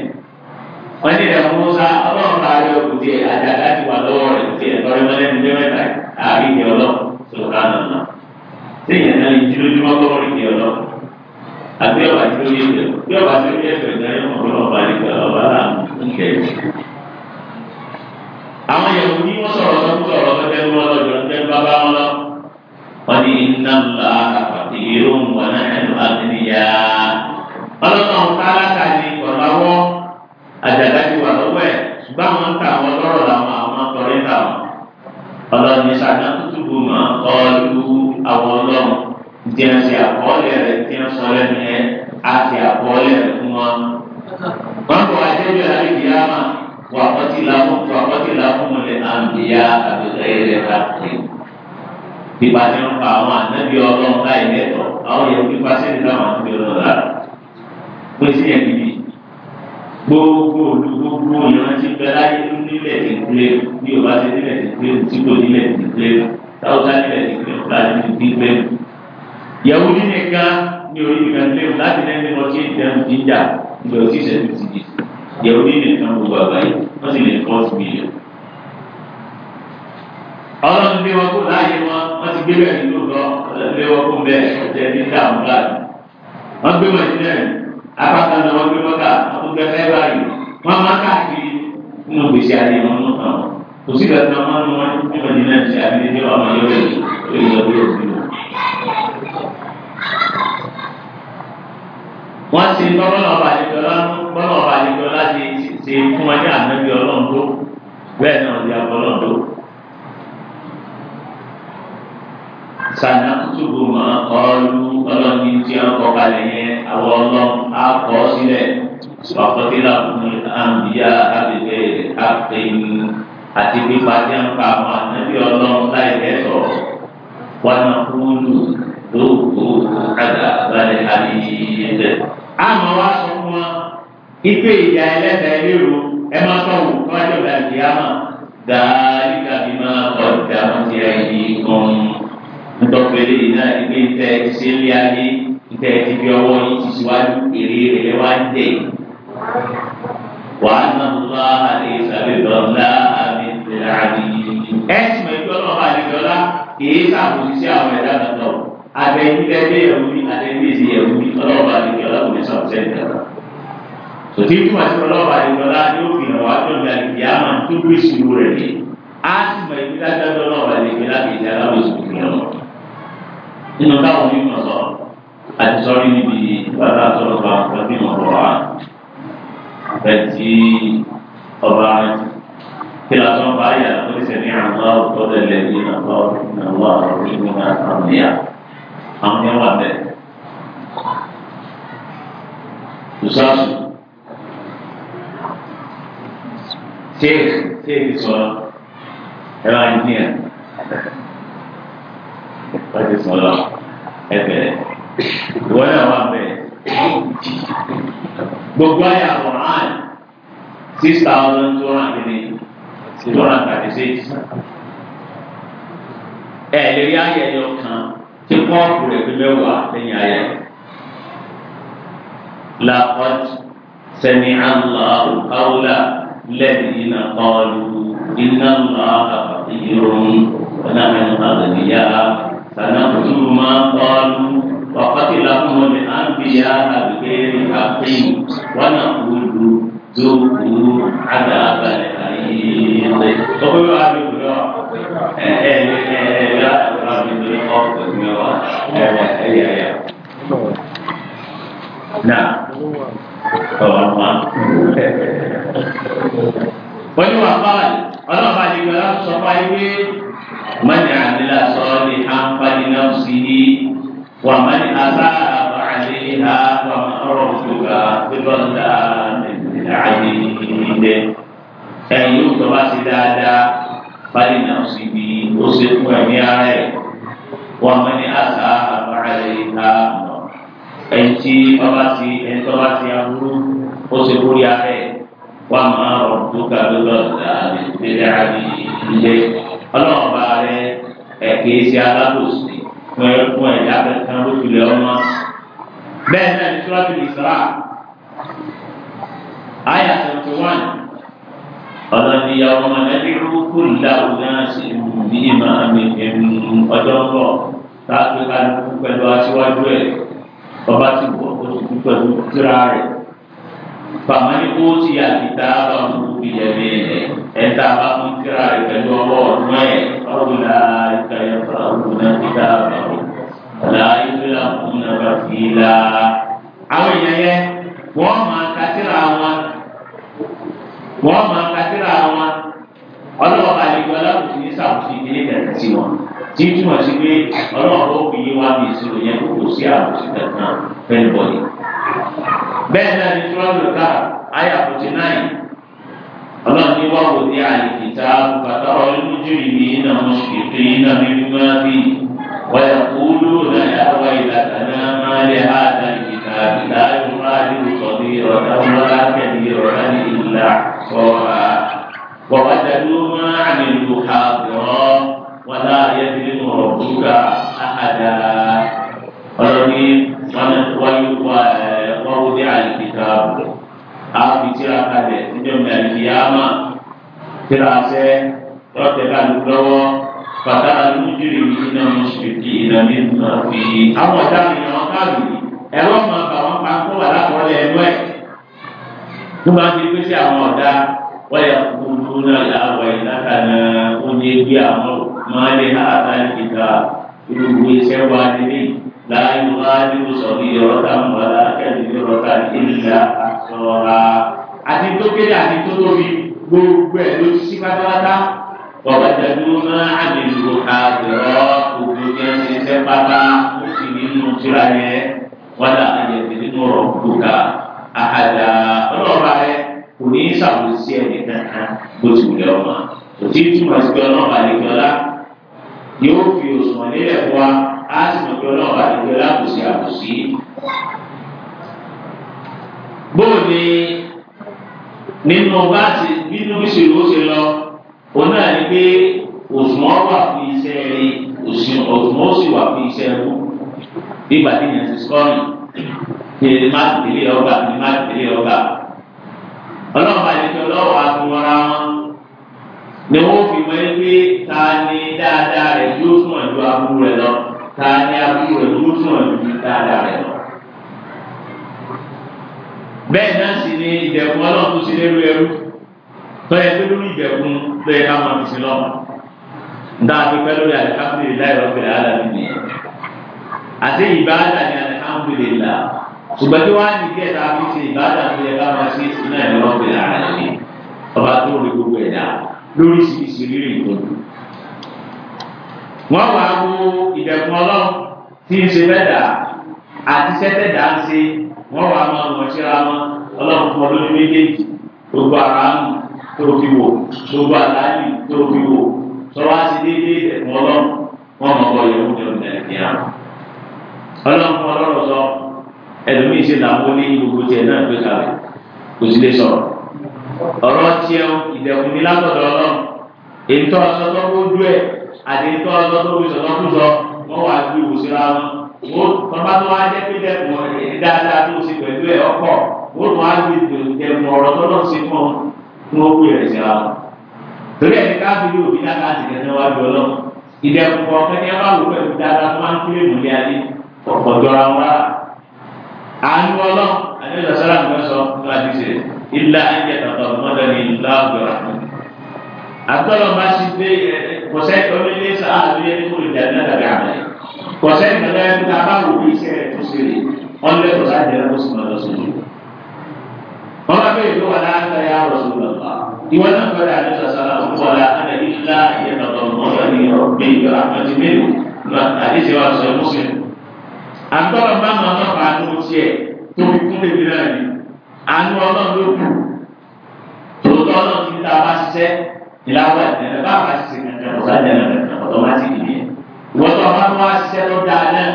wọ́n ní ẹ̀rọ musa ọlọ́run bá rí òkú tiẹ̀ àjàdá ti wà lọ́wọ́ rẹ̀ tiẹ̀ lọ́rẹ́ mọ́lẹ́nu bí mẹ́ta àti ọba tí ó yé ẹsẹ̀ tí ọba tí ó yé ẹsẹ̀ ní ayé wọn lọ́wọ́ balẹ̀ gbà ọba là ń kẹ́ ẹ̀. àwọn yẹ̀wò ní wọ́n sọ̀rọ̀ tó ń sọ̀rọ̀ tó tẹ́lú wọn lọ́jọ́ ń tẹ́lú bàbá wọn lọ. wọ́n ní iná ńlá àti irú wọn náà ẹnu àtìníyà. ọlọ́nà kálákà ni ọ̀làwọ́ àjàdá wà lọ́wọ́ ẹ̀ ṣùgbọ́n àwọn ń ta àwọn lọ́rọ̀ làwọn àwọn tọrẹ ta wọn. ọlọ́ni sàdán tútù bù mọ́ tí wọ́n sọ lẹ́nu yẹn àti àbọ̀lẹ̀ fún wọn. wọ́n kọ́ adébíyà àríkìyàmà wà pọ́tìlá fún mọ̀lẹ́ àǹbíyá àbẹ̀tẹ̀ ilẹ̀ àti. ìgbà tí wọ́n pa àwọn ànábì ọlọ́run láì lẹ́tọ̀ àwọn yẹn fi pa sẹ́yìn táwọn àti ọlọ́run rà. pé sí yẹn bíbí gbogbo olùgbogbo ìrántí bẹ láyé nílẹ̀ ìgbé bí o bá ti nílẹ̀ ìgbé tí kò nílẹ̀ ìgbé táwọn ká nílẹ̀ ìgbé ọ̀la nílẹ̀ ìgbé. yahudi nìkan ní orí ìgbà ilé ìwò láti lẹ́nu ọtí ìdẹ́nu jíjà ìgbà òtí ìṣẹ́jú ti di yẹ orí nìkan gbogbo àgbáyé wọ́n sì lè kọ́ sí ilẹ̀. ọlọ́run gbé wọn kó láàyè wọn wọ́n ti gbé bẹ́ẹ̀ nínú lọ lé wọn kó bẹ́ẹ̀ ọ̀tẹ̀ ní káàmù láàyè. wọ́n gbé wọn sílẹ̀ apáta náà wọ́n gbé wọn ká wọ́n gbé fẹ́ báyìí wọ́n máa káàkiri nínú gbèsè ayé wọn nù kàn kò sí ìgbàgbọ́ wọ́n ti tọ́ bọ́lá ọba àdìgbọ́lá bọ́lá ọba àdìgbọ́lá ti ṣe fún wọn ní ànábì ọlọ́run tó bẹ́ẹ̀ náà di abọ́lọ́run tó. sànà kùtùkù mọ ọlú ọlọ́ni tí wọ́n kọ́ kalẹ̀ yẹn àwọn ọlọ́run á kọ́ sílẹ̀ wàkọ́tìlá fún àǹbíyá àbẹ̀bẹ̀ àpẹ̀yìn àti pípa tí wọ́n pa àwọn ànábì ọlọ́run láì lẹ́sọ̀ọ́ wọn náà fún un lù lóògùn àkàdà balẹ̀ àdìyẹ. àmọ́ wá sọ fún wọn ipe ìyá ẹlẹ́ta ẹlẹ́rọ ẹ máa tọ̀ wò kí wọ́n jọba ìdí àmà dáadé kàbí máa kọ̀ ìdá wọn ti ẹni gan-an. ntọ́pẹ̀lẹ́ yìí náà ní pé ntẹ́ ṣe ń lé ayé ntẹ́ ti fi ọwọ́ yìí ti síwájú èrè rẹ̀ lẹ́wà ń tẹ̀. wàá nà lọ́wọ́ àlè ìsàlẹ̀ lọ́la àmì ìsẹ̀lẹ̀ àdìyẹ. ẹ sì mọ̀ ìjọ́ náà àtẹnudẹ́gbẹ́ yẹ̀wùmí àtẹnudẹ́sí yẹ̀wùmí ọlọ́ọ̀bà àdìgbẹ́ ọlọ́ọ̀bùnmí sọ̀tẹ́ ìjọba. sòtí túmọ̀ sí ọlọ́ọ̀bà àdìgbẹ́ ọlá ni ó fi hàn wá tó ga ìdí àmà tó gbé ìṣòro rẹ̀ ní. a sì mọ ibi dájọ́ ọlọ́ọ̀bà àdìgbẹ́ láti ìdí aláwòsàn ìpínlẹ̀ wọn. nínú táwọn onímọ̀ sọ àti sọ́rí níbi bàbá àtọ́lọ́gbà àti ọ̀rọ̀ كلا صنف آية قل سميع الله قول الذين قالوا إن الله رحيم حميد àwọn yẹn wà bẹ́ẹ̀ ìsáàsù téèkì téèkì sọ̀rọ̀ ẹ bá ń dín ẹ̀ láti sọ̀rọ̀ ẹ bẹ̀rẹ̀ ìwọ náà wà bẹ́ẹ̀ gbogbo ayé àwòrán six thousand two hundred and eighty two hundred and thirty six ẹ̀ lè rí ayẹyẹ ọ̀kan tí kọ́ọ̀pù rẹ̀ fi mẹ́wàá lẹ́yìn ayé. لقد سمع الله قول الذين قالوا إن الله فقير ونحن أغنياء سنقتل ما قالوا وقتلهم الأنبياء بغير حق ونقول ذوقوا عذاب الحريق. Yeah, yeah, yeah. Nah. Kalau apa? Wọ́n yóò wá fáwọn ọlọ́pàá ti gbọ́dọ̀ sọ fún ayé pé mọ́ni àdìlá sọ̀rọ̀ ní àǹfààní náà sí ní wà mọ́ni àbá àbàlẹ́ ìhà Ẹ̀yin yóò tọ́ bá ti dáadáa fáyé náà sí ní ó ṣe fún ẹ̀mí ara ẹ̀ wà á mẹ́ni àṣà àbáraẹ̀ ìta ẹni tí bàbá ti ẹni tó bá ti aburú ó ti kórè abẹ́ wà á máa rọ̀ tó ga lọ́dọ̀ àbẹ̀tẹ̀lẹ̀ àbí ọlọ́run bá rẹ ẹ̀ kì alábòsí fún ẹ fún ẹ̀dá kan ọmọ bẹ́ẹ̀ náà ní sọ́ọ́tù ìsra àyà twenty one ọlọ́ni àwọn ọmọ nàìjíríà kú ìdáhùn náà sí ní ìmọ̀ àmì ẹ̀mí ọjọ́ ń bọ̀ táàbí kálukú pẹ̀lú aṣíwájú ẹ̀ ọba ti wọ oṣù pẹ̀lú tíra rẹ̀ fàmọ́lì kó ti àkìtà bá ń lu ìyẹ̀mí ẹ̀ ẹ̀ta bá ń tíra rẹ̀ pẹ̀lú ọwọ́ ọ̀dún ẹ̀ ọ̀gbìnà ìkàyẹ̀ fàlùkù náà ti dá bá wọn. ọ̀làyé fúlà fún nàbàfìlà àwọn èèyàn yẹn wọ́n máa ka wọ́n máa kátìrà wọn ọlọ́ọ̀bà àlejò aláwòsí ní sàwòsí ilé kẹ̀kẹ́ sí wọn tí túmọ̀ sí pé ọlọ́ọ̀bà ó fi yé wa bí ìṣòro yẹn kó kò sí àwòsí kankan fẹ́ẹ́ bọ̀lì. bẹ́ẹ̀ náà ni túrọ́lù ká àyà fòtí náà ọlọ́run ní wọ́n wò ní àyèkìtà bàtà ọlọ́dúnjú ìní iná mọ̀ṣùkìtì iná mímú máa bí wọ́n yà kúlù náà yà wá máa lè há àdáyé. لا يغادر صغيرة ولا كبيرة إلا أحصاها ووجدوا ما عملوا حاضرا ولا يظلم ربك أحدا ọlọ́ni wọ́n wọlé àlìkíkà àbí tíra kalẹ̀ níjọ́ mi àlìkíyàmà tíra sẹ́ lọ́tẹ̀ kálukú lọ́wọ́ pàtàkì lójúrì nínú mùsùlùmí ìlànà ìlú náà fi àwọn ọ̀dà mi ni wọ́n káàdùn yìí ẹ̀rọ mọ àwọn pankó wà lákọọ́lẹ̀ ẹ̀rọ ẹ̀ tó máa ń fi pèsè àwọn ọ̀dà wáyà kúndú náà làwọ̀ ìlàkànnà oúnjẹ bí àwọn máa lè ha àtàkìkà olùkú iṣẹ́ wa nílé láàyè wá ní sọ̀rọ̀ ìrọ̀tà mọ̀lá kẹ́lẹ́ ìrọ̀tà ìlà àtọ̀ra àti tó kéré àti tó tóbi gbogbo ẹ̀ ló ti sí pátápátá bọ̀dá jẹ́dúró náà àmì ìlú àgbẹ̀rọ̀ gbogbo ẹ̀ ń pátá ó sì nínú tíra yẹn wàdà ayẹyẹ nínú rọ̀bùkà àhàdà ọlọ́ọ̀bà rẹ kò ní í ṣàwùsí ẹ̀mí kankan bó ti wù lẹ́ ọmọ òtí túmọ̀ sí pé ọlọ́ọ̀bà àdìgbọ́lá yóò fi òṣùwọ̀n nílẹ̀ fún wa á sì mọ̀ pé ọlọ́ọ̀bà àdìgbọ́lá kò sí àbòsí. bóòní nínú bá ti nínú ìṣèlú ó ṣe lọ òun ni pé òṣùwọ̀n wà fún iṣẹ́ rí òṣùwọ̀n ó sì wà fún iṣẹ́ rú bí gbàdí yẹn ti sọ́ọ̀nù ní ẹni má tẹ̀lé ọgbà ní má tẹ̀lé ọgbà ọlọ́run àdìgbò lọ́wọ́ àtúnwọ́ra wọn ni wọ́n fi mọ ẹgbẹ́ ta ni dáadáa rẹ̀ yóò sún ẹ̀dú aburú rẹ̀ lọ ta ni aburú rẹ̀ yóò sún ẹ̀dú dáadáa rẹ̀ lọ. bẹ́ẹ̀ náà sì ni ìdẹ̀kùn ọlọ́run tó ṣe lérú ẹrú tọ́yẹ pé lórí ìdẹ̀kùn lọ́yẹ ká máa fi sí lọ́wọ́ ndáàbí pẹ́ lórí àdìkápẹ́ ìlà ìrọ̀bẹ̀rẹ̀ àti ìbáàdà ni alihamudulila ṣùgbọ́n tí wọ́n á ní kí ẹ̀ka fi ṣe ìbáàdà tó yẹ ká máa ṣe iná ẹ̀rọ ọ̀gbìn ara ẹ̀mí ọba tó rí gbogbo ẹ̀dá lóríṣiríṣi rírì ìtọ́jú. wọ́n wá wo ìdẹ̀kùn ọlọ́run tí ń ṣe fẹ́dà àti sẹ́tẹ̀dà ń ṣe wọ́n wá máa wọ̀ síra wọn ọlọ́run fún ọlọ́run méjèèjì gbogbo ara ń tó fi wò gbogbo àlàyé tó fi wò sọ wá sí déédéé ìdẹ̀kùn ọlọ́run wọ́n mọ̀ ọlọ́run ọlọ́rọ̀ sọ ẹlòmíì ṣe làwọn ní gbogbo tiẹ̀ náà gbé kalẹ̀ kò sí lè sọ̀rọ̀ ọ̀rọ̀ tiẹ̀ ìdẹ̀kùn ní látọ̀dọ̀ ọlọ́run ètò ọ̀sọ́tọ́ kó dú ẹ̀ àti ètò ọ̀sọ́tọ́ kó sọ̀tọ́ kó sọ wọ́n wá gbé ìwò síra wọn wọ́n tọ́ba tó wá jẹ́ pé dẹ̀kùn dáadáa tó ṣe pẹ̀lú ẹ̀ ọkọ̀ wọ́n tún wá gbé dẹ̀kùn ọ̀rọ̀ tó lọ́ sí fún wọn wọ́n wú ẹ̀ síra wọn. torí ẹ̀ ká fi yóò fi dáadáa sì kẹ́ ọ̀pọ̀ jọra wọn rárá àánú ọlọ́run àdéhùn sọ́lá ń sọ nípa àdìsẹ́ ilá ayé tàbí ọmọdé ní ìlà ọ̀gbọ̀rà àtọ́lọ́ bá sì gbé kọ̀sẹ́ ọlọ́lẹ́ sáà lóye ní kòlì dàbí àtàbí àmì kọ̀sẹ́ ìgbàlá ẹni tá bá wò ní iṣẹ́ tó ṣeré wọ́n lé kọ̀sẹ́ àjẹrẹ́ kó sì máa lọ sódò wọ́n bá ló wà láàárọ̀ ya rọ̀ sódò àtọ́rọ̀ bá máa má fa àánú tiẹ̀ tóbi kún lébi náà ni àánú ọlọ́run ló kù tòótọ́ ọlọ́run ti ta wá ṣiṣẹ́ ìlàwọ̀ ẹ̀dẹ̀ bá wá ṣiṣẹ́ kankan ọ̀sán jẹ́nà kankan ọ̀tọ̀ wá sí ìdí yẹn wọ́n tó wá wá ṣiṣẹ́ tó dáa náà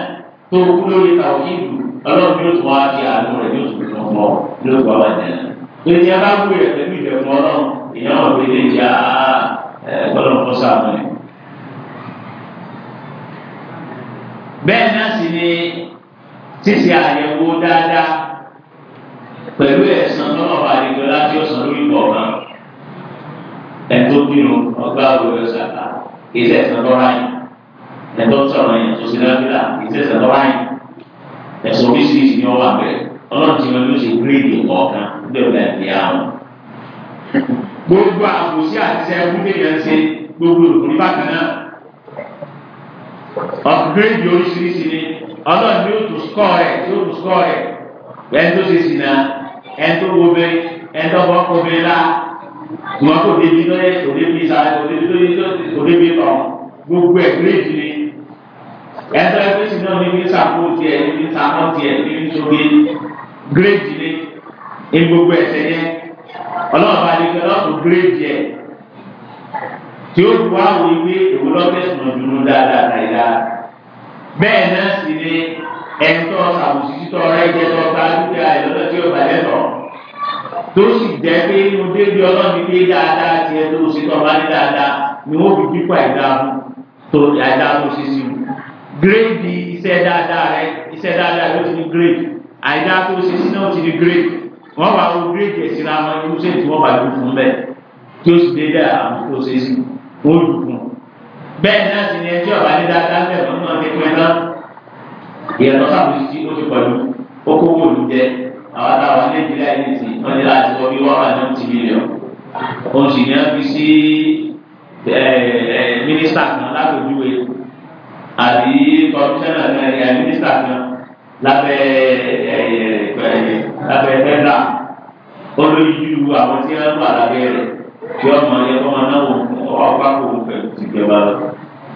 tó kú lórí tàwọn ìlú ọlọ́run yóò tún wá di àánú rẹ̀ yóò tún tún fọ́ yóò tún wá wá jẹ́nà ènìyàn bá wúrẹ̀ pẹ̀lú ìdẹ̀kùn ọlọ́run èèyàn ọ̀gbìn bẹ́ẹ̀ náà sì ni ṣíṣe àyẹ̀wò dáadáa pẹ̀lú ẹ̀sán tọ́lọ̀bà àdìgbọ́lá tí ó sàn lórí kọ̀ọ̀kan ẹ̀tọ́ bínú ọgbà òwe ọ̀sàkà ìṣe ẹ̀sán lọ́ra yìí ẹ̀tọ́ sọ̀rọ̀ yẹn tó ṣe lábílà ìṣe ẹ̀sán lọ́ra yìí ẹ̀sán oríṣiríṣi ni wọ́n wà bẹ́ẹ̀ ọlọ́run ti wọn ló ṣe gírèdì kọ̀ọ̀kan gbẹ̀rẹ̀ ẹ̀dí àwọn. gbogbo àkòsí àti upgrade oríṣiríṣi ni ọlọ́run ni ó tún score rẹ̀ tí ó tún score rẹ̀ ẹni tó ṣe sìnà ẹni tó wo bẹ ẹni tó bọ́ kó bẹ la tùmọ̀ kó débi tó yẹ kó débi sa kó débi tó yẹ kó débi tọ̀ gbogbo ẹ̀ grade ni ẹni tó yẹ kó sìnà níbi sàkó tiẹ̀ níbi sàkó tiẹ̀ níbi sóge grade ni ní gbogbo ẹ̀sẹ̀ yẹ ọlọ́run bá dé kí ọlọ́run grade yẹ tí ó wá wo ìwé èwo lọ́fẹ̀sùn ọ̀dùnú dáadáa náírà bẹ́ẹ̀ náà sì ni ẹ̀ńtọ́ àbùsítítọ́ rẹ́jẹtọ́ bá dúkìá ìlọ́dọ̀ tí ó bàjẹ́ tọ̀ tó sì jẹ́ pé inú débi ọlọ́ọ̀ni pé dáadáa ti ẹ tó ṣe tọ́ bá ní dáadáa ni wọ́n fi pípa ìdáhùn tó àìdáhùn sí sí gírèdì iṣẹ́ dáadáa rẹ iṣẹ́ dáadáa ló ti ní gírèdì àìdáhùn tó ṣe sí náà ti ní gírèdì wọ́n wá wo gírèdì ẹ̀sìn ra wọn irúṣẹ́ tí wọ́n bá dùn fún bẹ́ẹ̀ tí ó sì dé dáa àmì tó ṣe sí i ó lù fún bẹ́ẹ̀ náà sì ni ẹjọ́ ọ̀bá ní dáadáa ń bẹ̀rù náà ní pẹ́ náà ìyàtọ̀ sábòsí tí ó ti pẹ̀lú ó kó wò ló jẹ àwọn táwọn nàìjíríà yìí ti wọ́n ní láti wọ́n bí wọ́n wà ní ti mílíọ̀n òun sì ní wọ́n fi sí mínísítà kan lágbèjúwe àbí kọmíṣánná kan ẹ̀yà mínísítà kan lábẹ́ lábẹ́ fẹ́ńdà olóyún ju àwọn tí wọ́n wà lábẹ́ rẹ̀ kí ọmọ yẹn kọ́ máa náwó ọ̀rọ̀ bá kò ń fẹ́ ti jẹba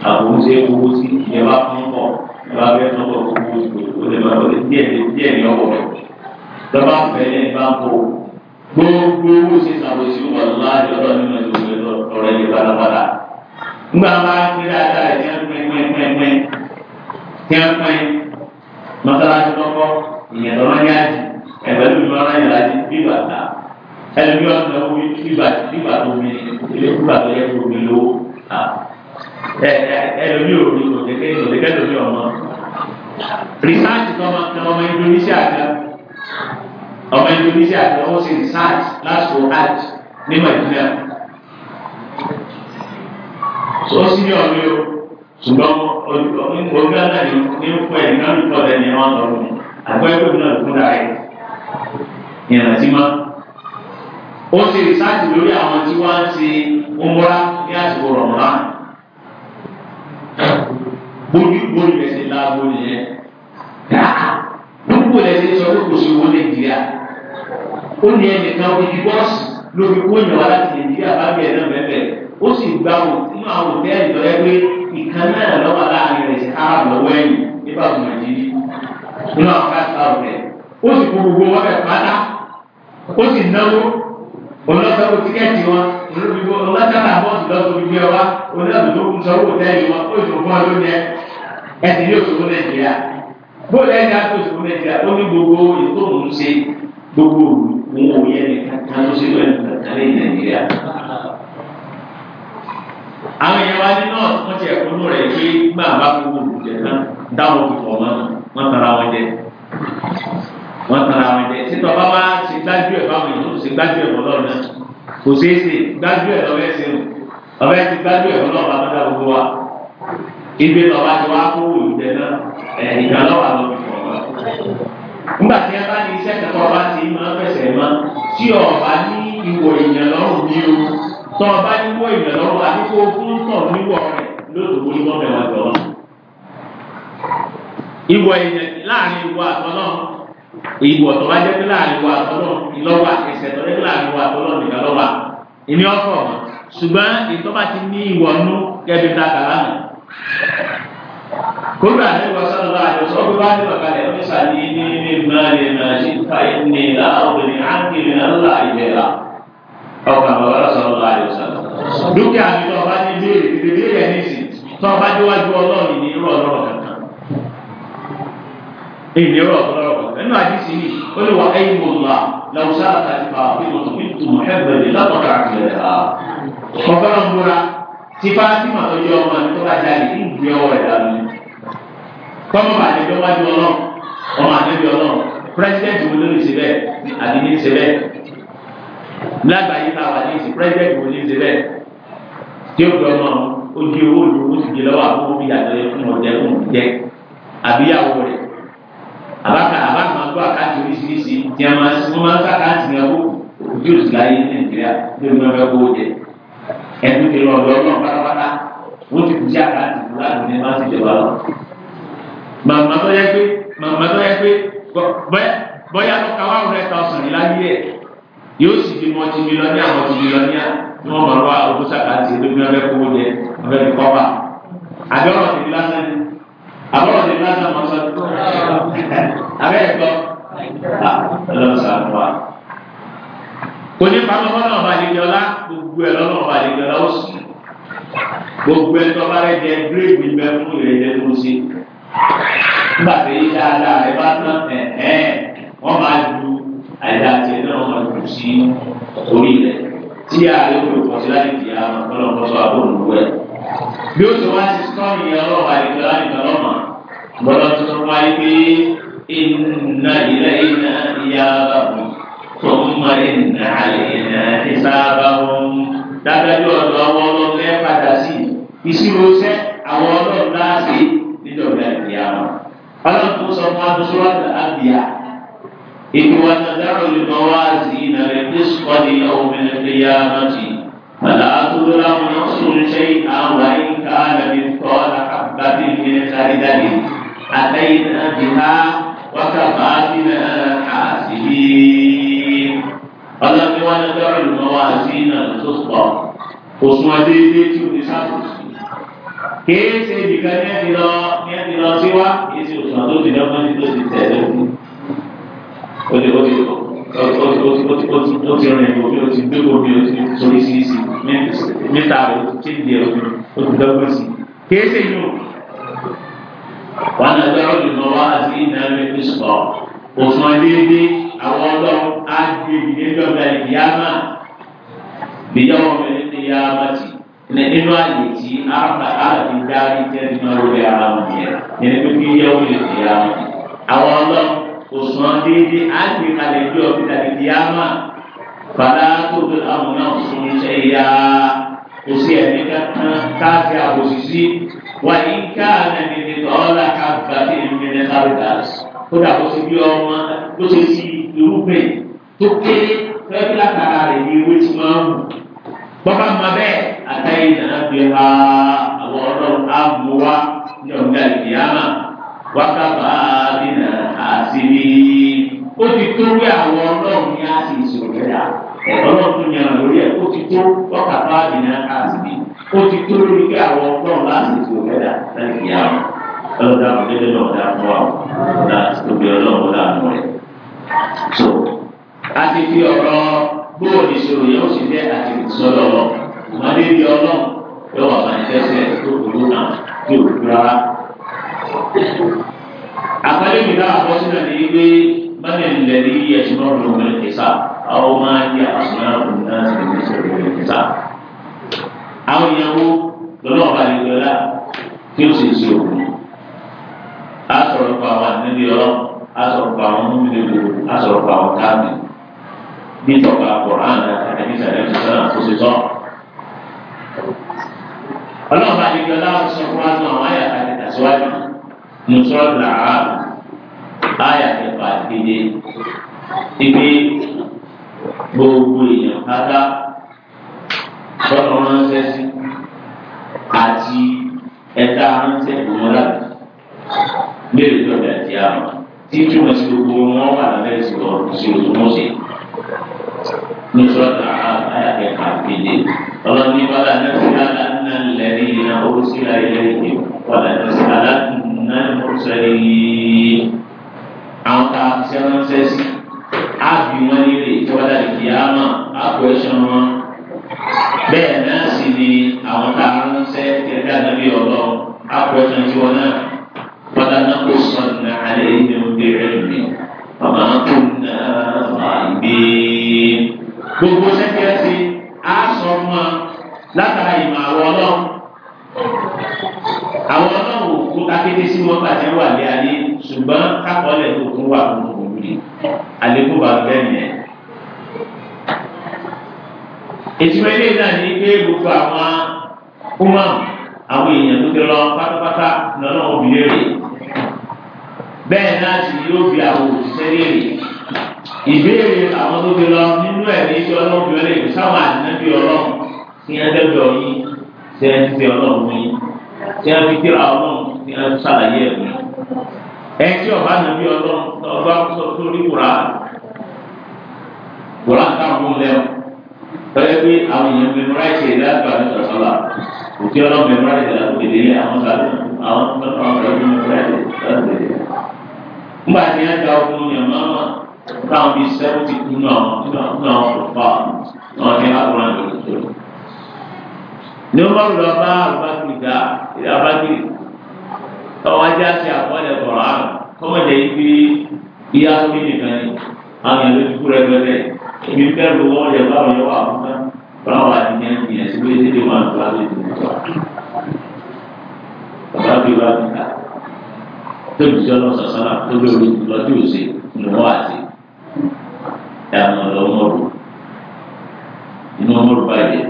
àbòrò ṣe owó sí ìjẹba fún pọ̀ ìjọba bẹ́ẹ̀ tó tọ̀ owó sí kò lè máa lọ́dẹ díẹ̀ ní díẹ̀ ní ọ̀wọ̀ rẹ̀ lọ́ba fẹ́ ní ìbá ń bọ̀ gbogbo owó ṣe ṣàbòsí wọn láàyè ọ̀rọ̀ nínú ìṣòro ọ̀rẹ́ yìí pátápátá. ńgbà máa ń gbé dáadáa ìyá pẹ́ẹ́pẹ́ẹ́pẹ́ẹ́ pẹ́ẹ́pẹ́ mọ́tàlá ti kọ́kọ́ ìyẹn lọ́rọ́ yáàjì ẹ̀gbẹ́ lómi lọ́rọ́ yàrá ti bí bàtà ẹlẹmi ọdún náà wọlé bíbà bíbà tó mi ilé bíbà tó yẹ kó mi lówó ẹ ẹlẹmi òní òdeke òdeke lómi ọmọ rìsáàtì tó ọmọ tó ọmọ Indonesia kan ọmọ Indonesia kan ó sì rìsáàtì lásìkò hajj ní Nàìjíríà ó sì ní ọmọ yòó ṣùgbọ́n ojú ọ̀nà ni ní fún ẹ̀ ní ọdún tó ni wọ́n lọ rùn àgbẹ̀wò náà fún dáa ìrántí máa ó ṣe rìsáàtì lórí àwọn tí wọ́n ti umra ní àsìkò rọ̀mọ́nà bójúbó ni ẹsẹ̀ láàbò nìyẹn dáa gbogbo ẹsẹ̀ sọ pé kò sí owó nàìjíríà ó ní ẹnìkan ojú bọ́ọ̀sì lórí kó yàn wá láti nàìjíríà bá bẹ̀rẹ̀ náà bẹ̀rẹ̀ ó sì gba nínú àwọn òtẹ́ẹ̀lì lọ́yẹ́ pé ìkan náà lọ́wọ́ láàrin rẹ̀ sí arab lọ́wọ́ ẹ̀yìn nípa ògùn nàìjíríà nínú àwọn káàkiri rẹ̀ ó sì kó gbogbo wọn bẹ̀ pátá ó sì náwó olùsọ̀wọ́ tíkẹ́ẹ̀tì wọn olùsọ̀wọ́ àbọ̀sì lọ́sọ̀ gbígbé ọwá olùsọ̀wọ́ tó kún sọ́wọ́ tẹ́lẹ̀ wọn ó sì fún ọdún yẹn ẹ̀sìn ní òṣòwò nàìjíríà bóyá ẹ̀yà tó òṣòwò nàìjíríà ó ní gbogbo ètò òun ṣe gbogbo òun òun yẹn ní kankan àwọn èèyàn wa ní náà wọ́n ti ẹ̀kọ́ nù rẹ̀ pé gbà bá gbogbo olùjẹ náà dáwọn òkùnkùn ọmọ wọn tara wọn jẹ wọn tara wọn jẹ títọ́ bá wá ṣe gbájú ẹ̀ báwọn èèyàn gbájú ẹ̀ wọ́n lọ́rùn náà kò ṣeé ṣe gbájú ẹ̀ lọ́wọ́ ẹ̀ ṣe ń ọba ẹ̀ ti gbájú ẹ̀ wọ́n lọ́rùn àtọ́jà gbogbo wa ibi lọ́ba ti wá kó olùdẹ náà ẹ̀ ìgbà lọ́wọ́ àlọ́ nígbà tí a bá ní iṣẹ́ kankan ọba ti máa fẹsẹ̀ mọ́ tí ọba ní ìwọ ìyẹn lọ́rùn o tọ́ ọba ní ìwọ ìyẹn lọ́rùn àdúgbò fún tọ̀ níwọ̀ rẹ̀ lóòótọ́ ní wọ́n bẹ̀rẹ̀ lọ́wọ́. ìwọ ìyẹn láàrin ìwọ àtọ́ náà ìwọ tó bá jẹ́ pé láàrin wa tọ́lọ̀ ìlọ́wà ẹsẹ̀ tó jẹ́ pé láàrin wa tọ́lọ̀ nìkan lọ́wà ìní ọkọ̀ ṣùgbọ́n ìtọ́ bá ti ní ìwọ nú kẹ́bi ta kàlá nù. kódà ní ìwọ sọ́dọ̀ bá àjọ sọ́dọ̀ bá ní bàbá rẹ̀ ní sàní ní ní ìmọ̀lẹ̀ náà sí ká ní láàbù ní áńkìlì náà ńlá ìbẹ̀rà ọkà bàbá rẹ̀ sọ́dọ̀ ní ilé ní ìsìn tó èmi ọ̀rọ̀ ọ̀rọ̀ nínú àdìsí yìí ó lè wà ẹ̀yìn mọ̀lá làwùsá àtàkùn àwọn ìmọ̀tò ìtù mọ̀hẹ́bẹ̀rẹ̀ látọ̀dọ̀ àgbẹ̀rẹ̀ ha. ọ̀gá ń múra tí fásitìmọ̀ tó yọ ọmọ mi tó bá jáde ń gbé ọwọ́ ẹ̀ dànù. kọ́mọ́ bá àdébí ọwájú ọlọ́run ọmọ àdébí ọlọ́run pírẹsidẹ́ntì wo ló lè ṣe bẹ́ẹ̀ àdìní ṣe bẹ́ẹ̀ lágbàáyé táwa ní ìsìn ọmọ ó àbáka àbáka máa gbọ́ àkáǹtì oríṣiríṣi tí a máa wọ́n máa ń ká àkáǹtì ní ọkọ̀ òjò ìsìláyé ní nàìjíríà lórí wọn fẹ́ kówó jẹ ẹni tí lọ lọ náà pátápátá wọ́n ti kùsí àkáǹtì fún láti ní máa ti jọba lọ. màmá tó yẹ pé màmá tó yẹ pé bọ́yá tó ka wáhùn rẹ̀ ta ọ̀sán yìí láyé ẹ̀ yóò sì di mọ́tì mílíọ̀nìà mọ́tì mílíọ̀nìà ni wọ́n máa wá owó sàkáǹtì lórí wọn fẹ́ kówó jẹ wọn fẹ́ fi kọ́ àwọn ọ̀sẹ̀ ní lásán máa ń sọ abẹ́ ẹ̀kọ́ ọlọ́sà ń wá. kò ní pamọ́ fọ́nà ọba àdìjọ́lá gbogbo ẹ̀ lọ́nà ọba àdìjọ́lá ó sì gbogbo ẹ̀ tó bá rẹ̀ jẹ gírèèdì bẹ́ẹ̀ fún ìrẹ̀jẹ̀ tó ń ṣe. nígbà tó yí dáadáa rẹ̀ bá tán ẹ̀ ẹ́ wọ́n máa ju àìdá tiẹ̀ náà wọ́n máa jù sí orí rẹ̀ tí ààrẹ òkè òkòtí láti dì bí ó ti wá sí sọ́ọ̀nì ọlọ́wà ìgbàlá ìgbàlọ́mà gbọ́dọ̀ tó wá pé iná ilé iná ìyá bàbá tó ń mọ iná àlè iná ìsáàbà wọn. dájú ọ̀dọ̀ àwọn ọlọ́run ẹ̀ padà sí ìṣirò iṣẹ́ àwọn ọlọ́run láàṣì níjọba ìyá wọn. ọlọ́run tó sọ fún adúsọ́rọ́ àbíyá ìgbìmọ̀ àtàdárò lè mọ wá sí ìnàlẹ́ ní sọ́ọ̀nì ọ̀hún ẹ̀ẹ́dẹ́yà náà فلا تظلم نفس شيئا وإن كان مثقال حبة من خردل أتينا بها وكفى بنا حاسبين قال ونضع الموازين القسط قسمة ديتي ونساء kìí ṣe nìkan ní ẹni lọ ní ẹni lọ sí wa kìí ṣe òṣùwọ̀n tó ti ó ti rìn ìwò bí ó ti gbégbó bí ó ti oríṣiríṣi mẹ́ta rẹ̀ ó ti di ẹ̀rọ ó ti dọ́gbọ̀n sí. kìí ṣe yóò wọn àgbẹ̀ olùmọ̀ wá sí ìnáwó ìṣọ̀ òfin déédéé àwọn ọlọ́run á gbé ìdíjọba ìyáma ìyáwó ọmọdé ní ìyáma tì ní inú àyè tí àbá àbí dárí jẹ́ nínú orí ara wọn yẹn ní ẹni tó kí ìyáwó ìyáma tì àwọn ọlọ́run òṣùwọ̀n déédéé á gbé kalẹ̀ bí ọ̀gbìn tàbí díámà fàlà tó do àwọn náà fún iṣẹ́ ìyá kò sí ẹ̀mí kankan káàkiri àbòsísí wà ní káàna nìyí tọ́lá káàkiri àti ìrìnnà kárítas kó dàbọ̀ sí bí ọmọ tó ṣe sí irúgbìn tó kéré fẹ́ẹ́ látara rẹ̀ ní ewé tí máa ń mú bọ́bá ma bẹ́ẹ̀ àtàyè nàá bí ha àwọn ọlọ́run á mú wa ní ọ̀gá ìyá mà wákàtà bí nà àti ní ó ti tó wí àwọn ọlọ́run ní àti ìṣòro yà ọlọ́run tó yàn lórí ẹ̀ ó ti tó ọkà báàgì náà àti ní ó ti tó lórí pé àwọn ọlọ́run láti ìṣòro yà láti yà wọn ọlọ́dà ọ̀dẹ́dẹ́ lọ́dà fún wa láti tóbi ọlọ́run láàánú rẹ̀ tó a ti fi ọ̀rọ̀ gbóòdì ìṣòro yẹn ó sì fẹ́ àti ìṣòro lọ ìmọ̀lẹ́ ìdí ọlọ́run yóò wà máa ń tó kúrú náà tó kúrú rárá àpẹẹrẹ mi náà bọ́ sínú ẹni pé báyìí ń lẹ ní ẹ̀sìn náà ló ń kẹsà àwọn máa ń yí àpàṣẹ náà ló ń náà sì ń sọ ló ń kẹsà. àwọn èèyàn wo lọ́nà ọba ìgbẹ́lá kí ó sì ń sọ òun. a sọ̀rọ̀ pa àwọn àníbi ọ̀rọ̀ a sọ̀rọ̀ pa àwọn múmìnir a sọ̀rọ̀ ọlọ́ọ̀bá ìgbẹ́lá sọ fún wa náà wáyà àti tàṣíwájú nusrọ̀tà àyà kẹfà kéde ibi gbogbo èèyàn pátá tọ́nà ránṣẹ́ sí àti ẹ̀ta ránṣẹ́ ìmúlá léèrè tó ọ̀dà tí a mọ̀ tí túmọ̀ sí gbogbo wọn wà lábẹ́ ìṣòro sí òtúmọ̀ṣe nusrọ̀tà àyà kẹfà kéde ọlọ́ni wàlá nàṣẹ́ àlànà lẹ́rìí náà ó sì láyé lẹ́yìn wàlá nàṣẹ́ àlànà. المرسلين àwọn tá a ṣe ránṣẹ́ sí á bí wọn nílé ìjọba ìkìyàmà á kó ẹṣọ wọn bẹ́ẹ̀ náà sì ni àwọn tá a ránṣẹ́ kẹta níbi ọ̀rọ̀ á kó ẹṣọ tí wọn náà padà náà kó sọ̀nà àwọn ọlọ́run òkúta kété sí wọn bàjẹ́ wà lé ayé ṣùgbọ́n kákọ́lẹ̀ tó tún wà fún òun rí àlékún bá bẹ́ẹ̀ yẹn. ìtumọ̀ ilé náà ní pé gbogbo àwọn kúmọ̀ àwọn èèyàn tó ti lọ pátápátá lọ́nà òbílẹ̀ rè bẹ́ẹ̀ náà sì yóò fi àwọn òṣìṣẹ́ léèrè ìbéèrè àwọn tó ti lọ nínú ẹ̀mí tí ọlọ́run fi ọlẹ́yìn sáwọn àdínábí ọlọ́run kí wọ́n dẹ́gbẹ̀ọ́ yìí tí wọ́n ti fi ọlọ́run yìí tí wọ́n fi kíra ọlọ́run ní ẹ ṣàlàyé ẹ ẹ tí ọba nàbí Ọlọ́run ọba sọ tó ní wùrà wùrà táwọn ń lẹ tọ́lẹ́ pé àwọn èèyàn mẹmúráìsì ìdájọ́ àti sọ̀tọ́lá òkè Ọlọ́run mẹmúráìsì ìdájọ́ kéde àwọn sàlẹ̀ àwọn tọ́lá ọ̀rẹ́ mẹmúráìsì ìdájọ́ kéde. ńgbà tí ẹ gba ogun yẹn máa ma táwọn bíi sẹ́wọ́tì kú náà náà fà náà ní àkùrọ̀ àti òkè. ní wọ́n bá lọ bá àbákìrì dá àbákìrì ọwọ́ ajá sí àkọọ́lẹ̀ kọ̀ọ̀rọ̀ àrùn kọ́mọ̀dé ibi ìyá tó ní nìkan ni àwọn èèyàn ló ti kú rẹpẹtẹ èmi fẹ́ lu wọ́n lẹ̀ báwọn yẹn wà fún ká báwọn àdìyàn ti yẹn síbi tí lè máa gba lè tún sọ. bàbá mi wá mi ká tóbi sí ọlọ́sọ̀ sọ́nà tó bẹ̀rù lọ́jọ́ òsè ni wọ́n àti ìyàmọ̀ lọ́mọ́rù inú ọmọrù báyìí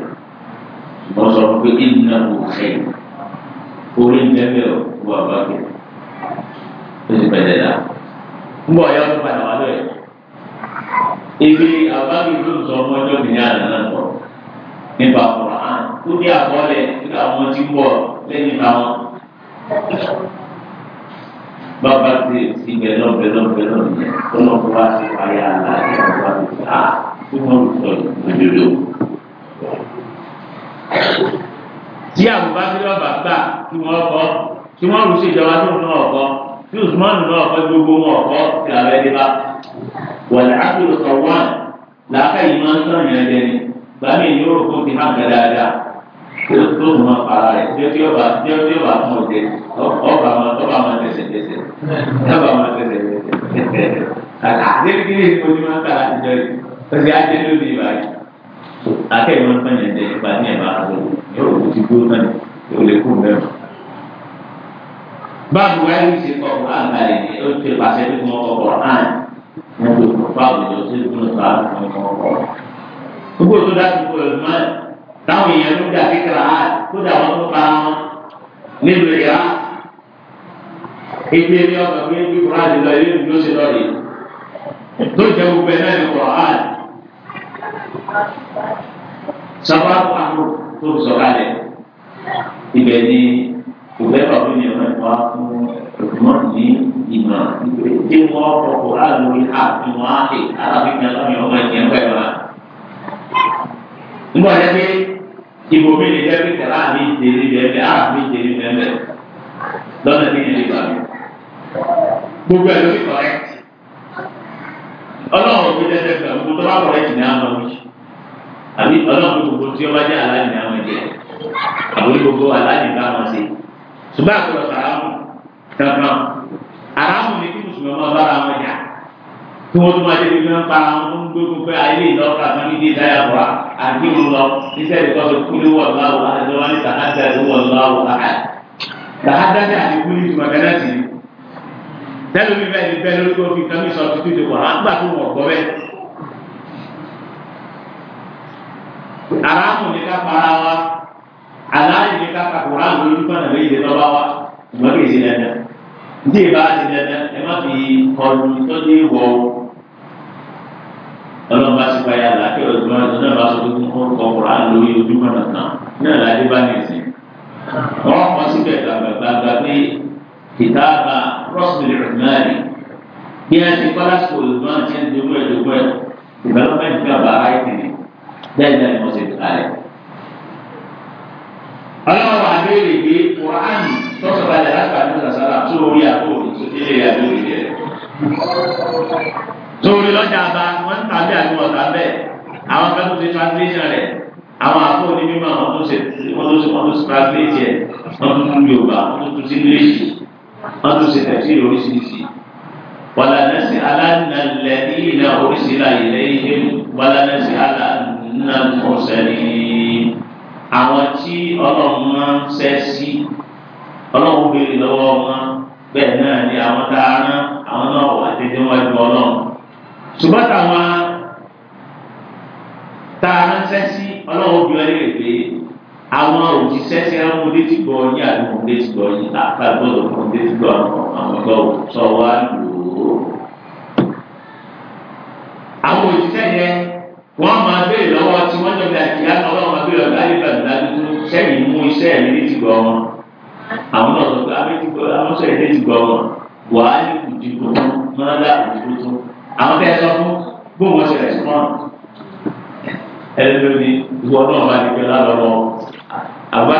wọ́n sọ pé ìdí náà kò fẹ́ orí ń gbọ́ àbá kò ó sì pẹ̀lẹ́ dà ńgbọ́ ọ̀yá tó padà wá lọ́yẹ̀ ebi àbá kò tó sọ ọmọ ọjọ́ mi ní àná náà pọ̀ nípa ọ̀rọ̀ hàn ó ní àkọọ́lẹ̀ nípa àwọn tí ń bọ̀ lẹ́yìn táwọn bàbá ti ti bẹ náà bẹ náà bẹ náà yẹ kó náà kó wá sí ayé aláàjì àwọn àti sá tó mọ̀ lùsọ̀ lòdòdò tí àbúrò bá ti lọ́ba gbà kí wọ́n kọ́ tí wọ́n rù sí ìjọba tó ń ná ọ̀kọ́ tí Usman ná ọ̀kọ́ gbogbo wọn ọ̀kọ́ ti àbẹ́ dé bá. wàlẹ́ àkìlò kan wà làákà yìí máa ń sàn yẹn dẹni gbàmí ni ó ti hàn dáadáa tó tó mọ ara rẹ̀ tí ó tí ó bá tí ó tí ó bá mọ̀ ọ́ ọba máa ọba máa tẹsẹ̀ tẹsẹ̀ ọba máa tẹsẹ̀ tẹsẹ̀ àdébíkiri ìfowópamọ́ máa ń kà láti jọ yìí ó sì á báwo wáyé ní ṣe kọ̀ wá àgbàlẹ̀ ní ó ti pàṣẹ pé wọ́n kọ̀ Quran wọ́n ti kọ̀ báwo lọ sí ìgbóná sọ àwọn kan kọ̀. gbogbo tó dá sí ìgbóná mọ́ táwọn èèyàn ló dà kíkàrà á kó dà wọ́n tó pa wọn nílùú ìyá. ètò ìlú ọ̀sán pé bí Quran lọ ilé ìlú ṣe lọ tó jẹ gbogbo ẹ̀ náà ní Quran. sọ́kọ́ àpò tó sọ̀kalẹ̀ ibẹ̀ ni òwúrẹ́bà tó ní ẹ̀rọ ìwà fún ìmọ̀ ní ìmọ̀ tí wọ́n kọ̀ kó àlórí àfihàn áhè alábìkan lọ́mọ ọmọ ẹ̀jẹ̀ ńgbà ẹ̀rọ. nígbà yẹn pé ìbò mi lè jẹ́ pé kẹ̀lá mi ìdèrí bẹ́ẹ̀ á mi ìdèrí bẹ́ẹ̀ lọ́nà tí ìdèrí bá mi. gbogbo ẹ̀ lórí kọ̀rẹ́ ọlọ́run òbí dẹ́sẹ̀ fẹ́ gbogbo tó bá kọ̀rẹ́ jì ní àwọn ọmọ àbí ọlọ́run gbogbo tí ó bá jẹ́ aláìní àwọn ẹ̀jẹ̀ àbórí gbogbo aláìní bá wọn ṣe ṣùgbọ́n àkọlọ̀ sàrámù kankan aráàmù ni kí mùsùlùmí ọmọ bára wọn jà kí wọ́n tó máa jẹ́ ibi náà para wọn ń gbógun pé ayé ìlọ́kà kan ní dídá yàgbọ́ra àti òun lọ iṣẹ́ ìkọ́sọ kúlé wọ̀láwọ̀ àdéhùn ní sàhádà wọ̀láwọ̀ sàhádà ní àdéhùn ní tùmọ̀kánná sí i tẹ́lẹ̀ mi bẹ́ẹ̀ ni bẹ́ẹ̀ lórí kó fi kàmí sọ títí de wàhán gbà tó wọ̀ gbọ́ bẹ́ẹ̀. aráàmù ni ká para wa aláàjì ní ká kakò rán lórí nípa nàbẹ ìdè lọ́wọ́ wa ṣùgbọ́n kì í ṣe dandan ní ìbá ṣe dandan ẹ má fi kọlu tọ́jú ìwọ ọlọ́run bá ṣe báyà láti ọ̀dọ́ náà bá sọ pé kí wọ́n kọ kọ̀ rán lórí ojúmọ̀ nàkan náà láti bá ní ìsìn wọ́n kọ́ síbẹ̀ gbàgbàgbà pé kìtàbà rọ́ọ̀sì rìnnárì bí a ti kọ́ lásìkò ìgbọ́n àti ẹni dogo ẹ̀ dogo ẹ̀ ìbẹ́lọ́mẹ́ntì gbàgbà áìtì ni bẹ́ẹ̀ ni a ti mọ̀ sí ọlọ́run wa béèrè pé quran tọ́sọ̀ balẹ̀ láti pàdé sàṣàlà tó orí àpò tó délé rẹ̀ àbí òrìlẹ̀ rẹ̀. torí lọ́jà bá wọ́n ń tàbí àti wọ́n tà bẹ́ẹ̀ àwọn kan tó ti translation rẹ̀ àwọn àpò ní mímọ́ àwọn tó ṣe wọ́n tó ṣe wọ́n tó ṣe translation rẹ̀ wọ́n tó tún yorùbá wọ́n tó tún sí english wọ́n tó ṣe tẹ̀sí oríṣiríṣi. wàlànàṣì alánàlẹ́yìn náà oríṣiríṣi àyẹ̀lẹ́yìn wàlànàṣì alánàmọ̀sẹ̀lẹ́yìn àwọn tí ọlọ́run máa ń fẹ́ sí ọlọ́run béèrè lọ́wọ́ wọn bẹ́ẹ̀ náà ni àwọn tá a rán àwọn náà wà dédé wọn ju ọlọ́run ṣùgbọ́n táwọn tá a rán fẹ́ sí ọlọ́run bí wọ́n lè pé àwọn òjíṣẹ́ tí wọ́n mú létí gbọ́ ní àdúgbò létí gbọ́ ní àpá gbọ́dọ̀ fún létí gbọ́ àwọn ọ̀gá sọ wá lò ó. àwọn òjíṣẹ́ yẹn wọ́n máa bẹ̀rẹ̀ lọ́wọ́ tí wọ́n jọ bí àkíyá náà wọ́n máa bẹ̀rẹ̀ lọ́wọ́ àyíbàdàn ládùúgbò sẹ́yìn mú iṣẹ́ ẹ̀mí létí gbọ́ wọn àwọn náà lọ́gbà abẹ́tìgbọ́ àwọn sẹ́yìn létí gbọ́ wọn wàá ní kùdìbò mọ́nádà kùdìbò tó àwọn bẹ́ẹ̀ sọ fún gbóhùn ọ̀sẹ̀ rẹ̀ sọ́n ẹlẹ́dọ́ni ìwọ náà bá ti wọ́n náà ọ̀rọ̀ náà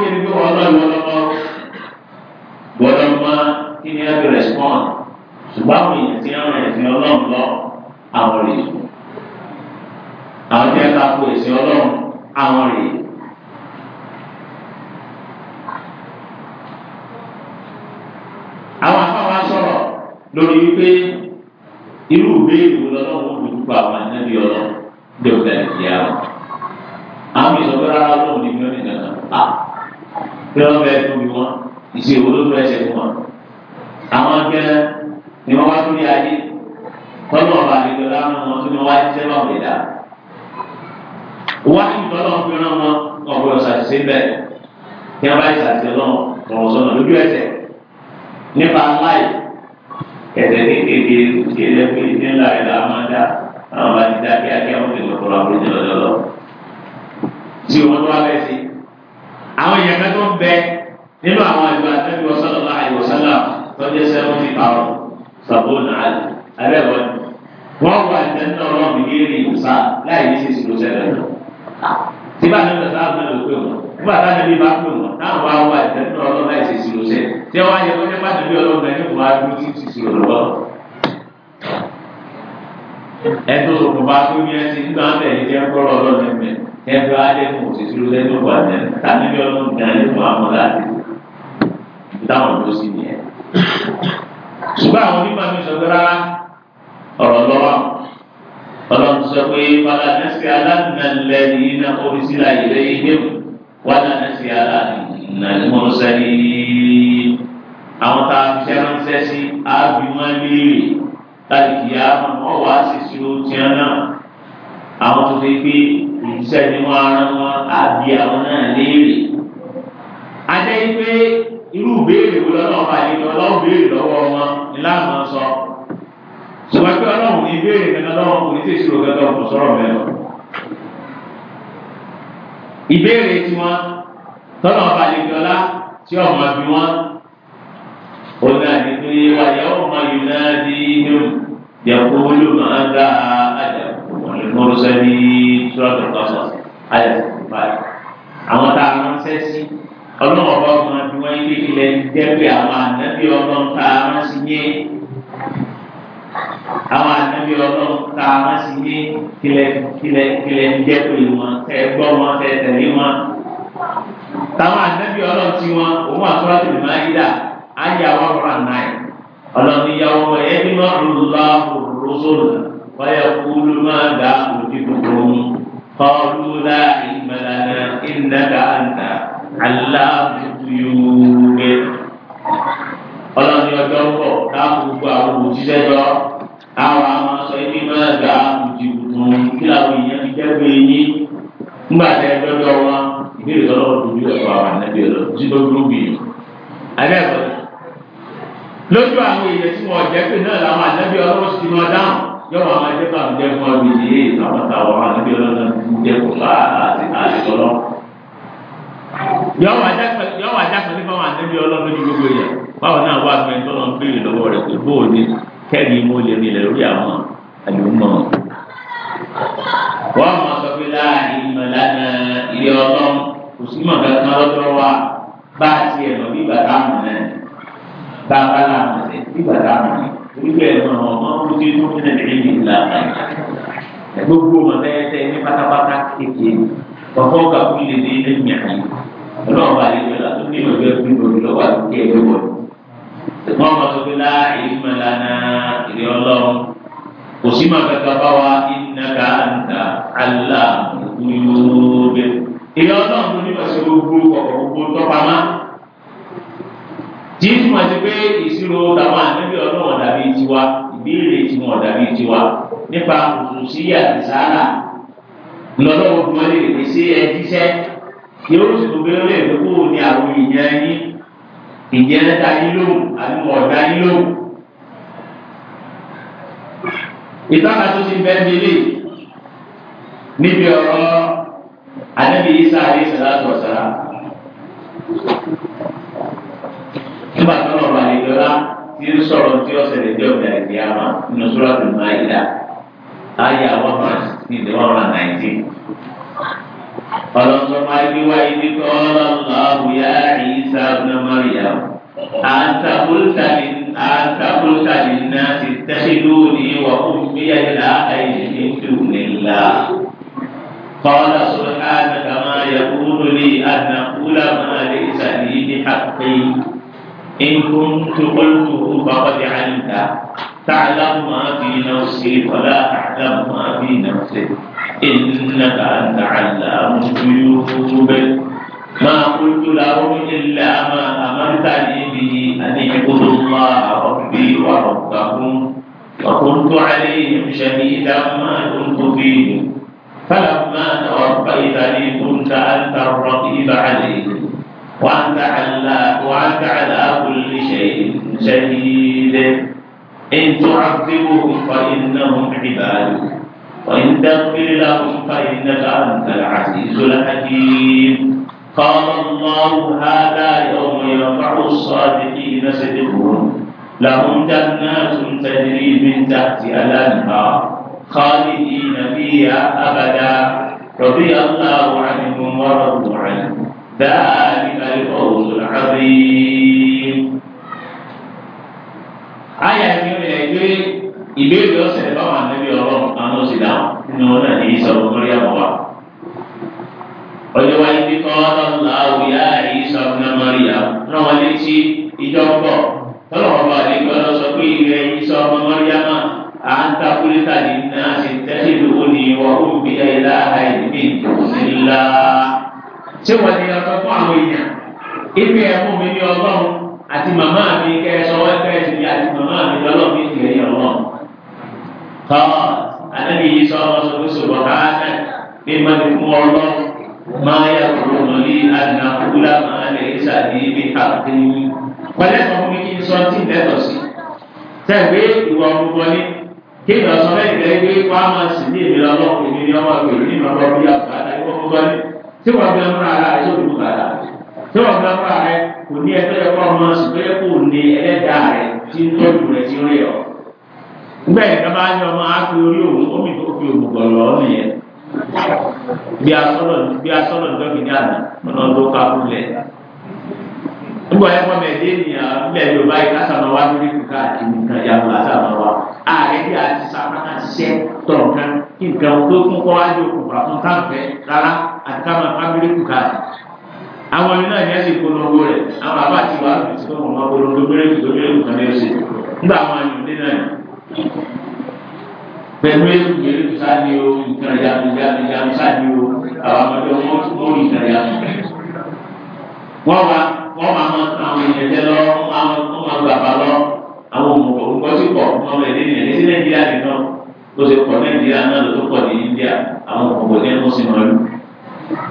nílùú gbọ́dọ̀ mọ̀ kí ni a fi respond ṣùgbọ́n àwọn èèyàn ti ń rìn ẹ̀sìn ọlọ́run lọ àwọn rè é àwọn tí wọ́n ta ko ẹ̀sìn ọlọ́run àwọn rè é. àwọn afáwa sọ̀rọ̀ lórí wípé irú ìbéèrè wo lọ́lọ́run ó dojú pa àwọn ẹ̀nẹ́bí ọlọ́run dé ọ̀gá ìdíyà wọn. àwọn ìsọ̀rọ̀ rárá lọ́wọ́ ni bí wọ́n ní dandan pa bí wọ́n fẹ́ tóbi wọn ìṣe ìwòlódò ẹsẹ̀ fún wa àwọn gẹ́lẹ́ ni wọ́n wá sórí ayé tọ́lọ̀ ọba àgbẹ̀dọ̀ láwọn ọmọ tó ni wọ́n wá jẹ́ lọ́wọ́ mi dá wá ìtọ́lọ̀ fún ọ́n mọ́ ọ̀gbọ́dọ̀ ṣàṣìṣe bẹ́ẹ̀ kí wọ́n bá ṣàṣìṣe lọ́wọ́ tọ̀wọ̀ sọ́nà lójú ẹsẹ̀ nípa láì ẹ̀sẹ̀ kékeré kékeré pé ní ńlá rẹ̀ là máa dá àwọn bá ti dá kíákíá wọn lè lọ́kọ̀ọ́ àbúrò lọ́dọ̀ lọ. tí wọ́n tó wá bẹ́ẹ̀ sí àwọn èèyàn kan tó ń bẹ́ẹ̀ nínú àwọn ìgbà àtẹ́bí wọ́sálà láàyè wọ́sálà tọ́jú sẹ́wọ́n ti parọ́ sàbónà àbẹ́wọ́ wọ́n wà ìtẹ́ńtọ́ ọlọ́run ìgbéèrè ìwòsàn láì ní sísè ló sẹ́lẹ̀ lọ. tí bá nígbà tá a fẹ́ lò pé wọn nígbà tá a níbi bá pè wọn táwọn wá wà ìtẹ́ńtọ́ ọlọ́run láì sísè ló sẹ́ tí wọ́n á yẹ kó nípa níbi ọlọ́run ẹni kò dáhùn ló sì nìyẹn. ṣùgbọ́n àwọn onímọ̀ mi sọ pé rárá ọ̀rọ̀ lọ́wọ́ ọlọ́run sọ pé padà nẹ́sì aláǹdàlẹ̀ yìí náà orí sílá ìlé ilé wàdà nẹ́sì aláǹdàlẹ̀ mọ́sálí àwọn tá a fi ṣe ránṣẹ́ sí ábí wọn léèrè láti kìí àwọn ọwọ́ àṣìṣe ó náà àwọn tó fi pé ìṣẹ́ ni wọ́n àbí àwọn náà léèrè. adé yìí irú ìbéèrè wo lọ́nà ọba yìí ọlọ́run béèrè lọ́wọ́ wọn ni láàmú sọ ṣùgbọ́n pé ọlọ́run ní ìbéèrè kankan lọ́wọ́ kò ní sì ṣòro kankan kò sọ̀rọ̀ mẹ́lọ. ìbéèrè tiwọn tọ́nà ọba yìí ọlá tí ọmọ bí wọn òun náà ní pé wàyà ọmọ yìí náà di inú yàgò olóòmọ àgbà àjàkú ọ̀lẹ́mọ́rọ́sẹ́ ní sọ́ọ̀tọ̀ kọ́sọ̀ àjàkú báyìí àwọn tá a ránṣẹ́ sí ọlọ́wọ́ bá wọn bí wọ́n yé ilẹ̀ jẹ́ pé àwọn ànábì ọlọ́run tá a máa sì yé àwọn ànábì ọlọ́run tá a máa sì yé ilẹ̀ ilẹ̀ ilẹ̀ jẹ́ pé wọn tẹ gbọ́ wọn tẹ tẹ̀lé wọn. táwọn ànábì ọlọ́run tí wọn òun àtúrà tó lè máa yí dà á yà wọ́n rà náà ọlọ́run ìyàwó wọn ẹbí máa ń lọ rọ́sọ̀lù wáyà máa dà òdì gbogbo wọn kọ́ ló dá ìmọ̀lànà ìnàdà àǹtà aláàbùkúyúwé ọlọ́ni ọjọ́ pọ̀ káàkó gbogbo àwọn òṣìṣẹ́ jọ àwọn àwọn sọ ibi náà gba ìdìbò kí làwọn èèyàn ti kẹ́gbẹ́ yín ńgbà tẹ ẹjọ́ jọ wọn ìbéèrè tọ́lọ́ dojú ẹ̀kọ́ àwọn ànábì ẹ̀rọ tí ló dúró bì yín. àbẹ́ẹ̀kọ́ lójú àwọn èèyàn tí wọ́n jẹ́ pé náà làwọn ànábì ọlọ́wọ́ sì máa dáhùn yọ̀wọ̀ àwọn ẹgbẹ́ bá mi jẹ́ fún ọ yọ wà jákèjì fáwọn àdébí ọlọ́run ní gbogbo yẹn báwọn náà wà gbẹ tọ́lọ̀ ń béèrè lọ́wọ́ rẹ̀ pé bóò ní kẹ́rì mo lè rìn lẹ̀ lórí àwọn àdúgbò. wọ́n mọ̀ sọ pé láàrin ìmọ̀lánà ilé ọlọ́run kò sí mọ̀ kankan lọ́dọ̀ wa bá a ti ẹ̀rọ bí bàtà mọ̀ náà bá a bá la mọ̀ ẹ̀ ọmọ ọmọ ní ìlànà gbogbo fọwọ́kà kúlẹ̀ ní ẹ̀yìn àyè ọlọ́run bá yẹn lọ tó ní ìwé fún ìwé lọ́wọ́ àti ẹ̀yẹ wọ̀ ṣùgbọ́n ọmọ tó fi láà èyí mọ̀ lánàá ìrẹ́ ọlọ́run kò sí máa kàkà bá wa ìnàkà àǹtà àlà òkúnyóòbẹ ìrẹ́ ọlọ́run ní wọ́n ṣe gbogbo ọ̀pọ̀ gbogbo tọ́pamá tí ìtumọ̀ ti pé ìṣirò tàwọn ànábì ọlọ́run dàbí tiwa ìbéèrè tiwọn dàbí tiwa nípa òṣùṣì àti sáárà lọ́dọ̀ gbogbo ẹ̀ lè ṣe ẹ jíṣẹ́ yóò sì gbogbo ẹ̀ lè gbogbo ní àwọn ìyẹn yín ìyẹn ta yín lóhùn àbí ọ̀dà yín lóhùn. ìtọ́ka tó ti bẹ́ẹ̀ mi lè níbi ọ̀rọ̀ Ànábì Isa àdé sàlátù ọ̀sàrà. nígbà tó lọ́ọ́ balẹ̀ ìjọba tí ń sọ̀rọ̀ tí ọ̀sẹ̀ lè jẹ́ ọ̀gbìn àìsí àmà nínú sọ́lá tó máa yí dá. ayé àwọn máa ń sixteen one hundred and nineteen. ọlọ́sọ̀mọ́ ẹgbẹ́wá ibi kọ́ ọlọ́láhu yá ìyíṣà ọ̀nà mọ́ríyàm. àtàkùrùsàlì àtàkùrùsàlì náà ti tẹ́sílú ní wà fún bíyànjá àìsí ní tùmílà. قال سبحانك ما يكون لي أن أقول ما ليس لي بحقي إن كنت قلته فقد علمته تعلم ما في نفسي ولا أعلم ما في نفسك إنك أنت علام الغيوب ما قلت لهم إلا ما أمرتني به أن اعبدوا الله ربي وربكم وكنت عليهم شهيدا ما كنت فيهم فلما توفيتني كنت أنت الرقيب عليهم وأنت على وأنت على كل شيء شهيد إن تعذبهم فإنهم عبادك وإن تغفر لهم فإنك أنت العزيز الحكيم قال الله هذا يوم يرفع الصادقين صدقهم لهم جنات تجري من تحتها الأنهار خالدين فيها أبدا رضي الله عنهم ورضوا عنه ذلك الفوز العظيم àyà ni ó yẹ pé ìbéèrè ọ̀sẹ̀ báwọn ànábì ọlọ́run àwọn oṣù dáhùn nínú wọn náà ní ìsọ̀rọ̀ lórí àwọn wa. ọjọ́ wáyé ti kọ́ ọlọ́run àwòyá ìsọ̀rọ̀ náà mọ́rí yá náà wọ́n létí ìjọ pọ̀ tọ́lọ̀ ọba àdìgbò lọ sọ pé ilẹ̀ ìsọ̀ ọmọ mọ́rí yá náà à ń ta kúlítà ní náà sì tẹ́lẹ̀ lówó ni wọ́n ó gbé ẹ̀ láàárín ìbí àti màmá mi kẹ́ ẹ sọ wọ́n kẹ́ ẹ sì ní àti màmá mi lọ́lọ́ mi tì ẹ̀yìn ọ̀rọ̀. tọ́ anábì yìí sọ ọmọ sọ pé sọ̀rọ̀ káàdà pé má ti fún ọlọ́ máa yà kúrò lọ́lí àdìnà kúlà máa lè sàdí ibi káàkiri mi. pẹ̀lẹ́ sọ fún mi kí n sọ tí n lẹ́tọ̀ sí. sẹ́gbé ìwà ọ̀gbọ̀n ni kí n lọ sọ bẹ́ẹ̀ gẹ́gẹ́ pé wá máa sì ní èmi lọ́lọ́ èmi ni ní ìmọ̀ tí wọ́n fi lọ́kọ́ rẹ kò ní ẹgbẹ́ yẹ kọ́ ọmọ sùn pé kò ní ẹlẹ́dàá rẹ tí ń tọ́jú rẹ ti rí ọ. Ngbẹ́ ẹ̀ka bá ní ọmọ ápè orí òun omi tó fi òògùn bọ̀ lọ́ nìyẹn. Bí asọ́lọ̀ bí asọ́lọ̀ dọ́kì ní àná ọ̀nà tó ká kú lẹ̀. Nígbà yẹn kọ́ mẹ́ẹ̀dé nìyà ilẹ̀ Yorùbá yìí kásánà wá lórí kùkà àti nìkan yàgò lásánà wá. Ààrẹ bí a ti sábà náà ṣiṣẹ́ tọ̀ọ̀kan kí nǹkan tó kún kọ́ àwọn ẹni náà ní ẹsẹ̀ ìpolongo rẹ̀ àwọn àbá àti wàá fi ti tọ́wọ́ máa polongo méjèèjì tó méjèèjì kan ní ẹsẹ̀ nígbà àwọn ẹni náà pẹ̀lú ẹ̀kú méjèèjì sáni o nǹkan ìyanu ìyanu ìyanu sáni o àwọn ọmọdé wọn tó ń nǹkan ìyanu. wọ́n wá wọ́n máa mọ àwọn ènìyàn jẹ́ lọ wọ́n máa gbàgbà lọ àwọn òmùkọ̀ òmùkọ̀ sì pọ̀ ọmọ ẹ̀dẹ́ nìyẹn ní Nàìjíríà nìkan ó ti pọ̀ Nàìjíríà náà ló tó pọ̀ ní India àwọn òmùkọ̀ ní ẹ̀kọ́ sí màálù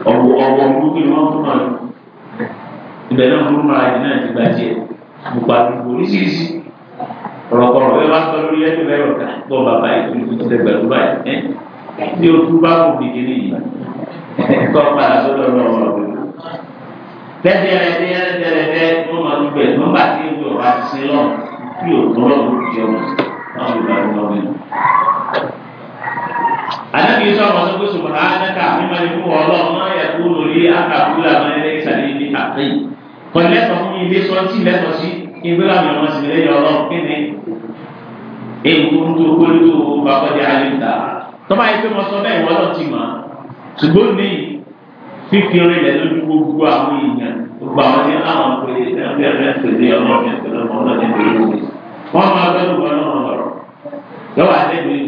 ọ̀wọ̀ ọ̀wọ̀ ọ̀gbọ̀n ní wọ́n fún màálù ibẹ̀ náà burú mara jù náà ti gba tiẹ̀ bùpà dùkú oríṣiríṣi ọ̀rọ̀kọ̀rọ̀ bẹ́ẹ̀ bá sọ lórí ẹ̀jẹ̀ bẹ́ẹ̀ rọ̀ kọ́ bàbá ìtòlùkù ti tẹ̀gbẹ̀ tó báyìí tí o tú bá kò kéde nìyí kọ́ padà sọ́dọ̀ lọ́wọ́ rẹ̀ tẹ́tẹ́ ẹ̀rẹ́ tẹ́tẹ́ ẹ̀rẹ́ tó máa ń bẹ̀ tó ń bà tí o bá ti sin lọ́wọ́ tí o tọ́ lọ́wọ́ ti ọmọ náà ló bá lọ́wọ́ mi. Àdébí sọ̀rọ̀ sọ́kò sùpàrà ánẹ́kà mímọ́ ikú ọlọ́ọ̀ máa kò lẹ́tọ̀ fún ilé sọ́ọ́tì lẹ́tọ̀ sí ìgbéra mi ọmọ sílẹ̀ yọ ọlọ́run kí ni èyí tó ń tó kólé tó bàbọ̀dé àlèta tọ́ba yìí pé mo sọ bẹ́ẹ̀ wọ́n lọ ti mọ̀ ṣùgbọ́n ní fífi orin rẹ̀ lójú gbogbo àwọn èèyàn gbogbo àwọn ní àwọn pèlè ẹgbẹ́ rẹ̀ pèlè ọlọ́run pèlè pèlè wọ́n máa gbẹ́rù wọn náà lọ́wọ́ àtẹ́gbẹ́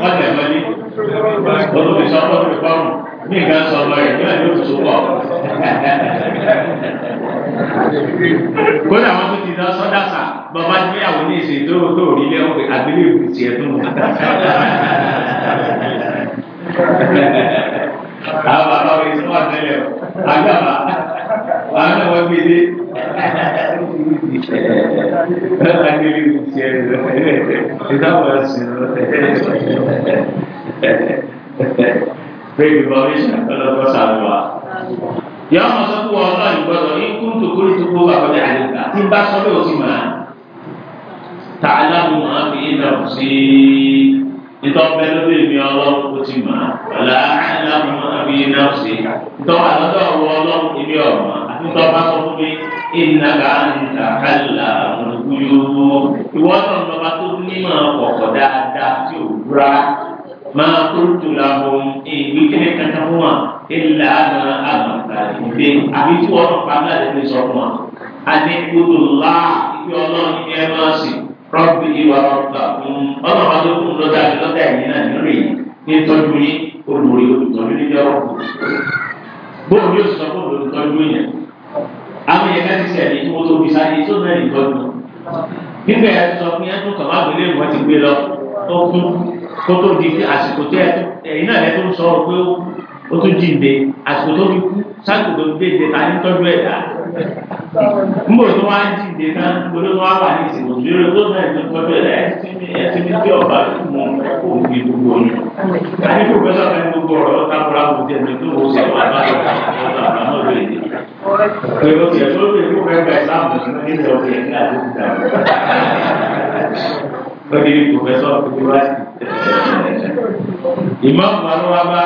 wọ́n tẹ̀ lọ́lé lọ́dún fi sọ́ọ́ lọ́dún fi kọ́rùn mí sọ ọmọ rẹ̀ nígbà tó wọ̀. kódà wọn tún ti lọ sọ́dà sà bàbá tí ní ìsìn tó tó rí lé ọ̀gbìn àgbélé ìwé tiẹ̀ tó mọ̀. àwọn bàbá mi ti wà tẹ́lẹ̀ o àgbàbà wàá náà wọ́n gbé dé lọ́la ní ilé ìṣe ìdáwọ̀ ẹ̀sìn bẹ́ẹ̀ bá wọ́n ṣe àtọ́lọ́gbọ́ sàlùwà. yọ ọmọ sọ fún ọlọ́ ìgbọ́dọ̀ ní kúrútù kúrútù kó bàbá mi àlejò tí bá sọ lóò sí màá ta aláwọ̀ máa fi iná sí ìtọ́fẹ́ lórí mi ọlọ́run kó ti màá ọ̀la aláwọ̀ máa fi iná sí ìtọ́wà lọ́dọ̀ ọ̀wọ́ ọlọ́run tí ọ̀mà àti tó bá sọ fún mi ìnàgà níta kálá olùkúyò ìwọ tó ń lọba tó nímọ̀ ọ̀pọ̀ dáadáa tí ò búra máa tó tó la bọ̀m èyí kíni kàtà fún wa ìlà àmà àmàkà ìdè àbí tí wọ́n pa náà lè fi sọ fún wa. àti gbogbo ńlá ìfi ọlọ́run ní ẹ máa sìn rọ́bì ìwà ọ̀gbà fún ọ̀nà ọ̀dọ́ fún lọ́dà lọ́dà ìyẹn náà nírè ní tọ́jú yín olùrí olùtọ́jú níjọ́ bóun yóò sọ fún òun tọ́jú yẹn àwọn yẹn ká ti sẹ̀ ní kó tóbi sáré tó náà ní tọ́jú nígbà yẹn sọ fún yẹn tún kàmá gbélé wọn ti gbé lọ tó kún kó tó di àsìkò tẹ ẹ̀yin náà lẹ tó ń sọ pé ó tún jíǹde àsìkò tó fi kú sáàkì tó ń dé ìdè ta ní tọ́jú ẹ̀dá mbọ tó wá ń dìde náà gbọdọ tó wá wà ní ìsìnkú lórí tó náà tó tọ́ bẹ́ẹ̀ ẹtìmí tí ọba mọ ẹkọ òbí gbogbo ọ̀nà àti kò gbẹdọ̀ fẹ́ gbogbo ọ̀rọ̀ ọ̀tá kura kò tẹ̀ mí tó wọ́n sọ wà bá lọ ọ̀tá àbá náà lóye dé. pẹ̀lú ìyẹn tó lè kó fẹ́ gba ìsáàmù ní ìlú ọ̀gbìn ní àdúgbò dàbí. lọ́dún yìí pòfẹ́sọ̀ kúkú wá sí. ìmọ̀ àwọn wa bá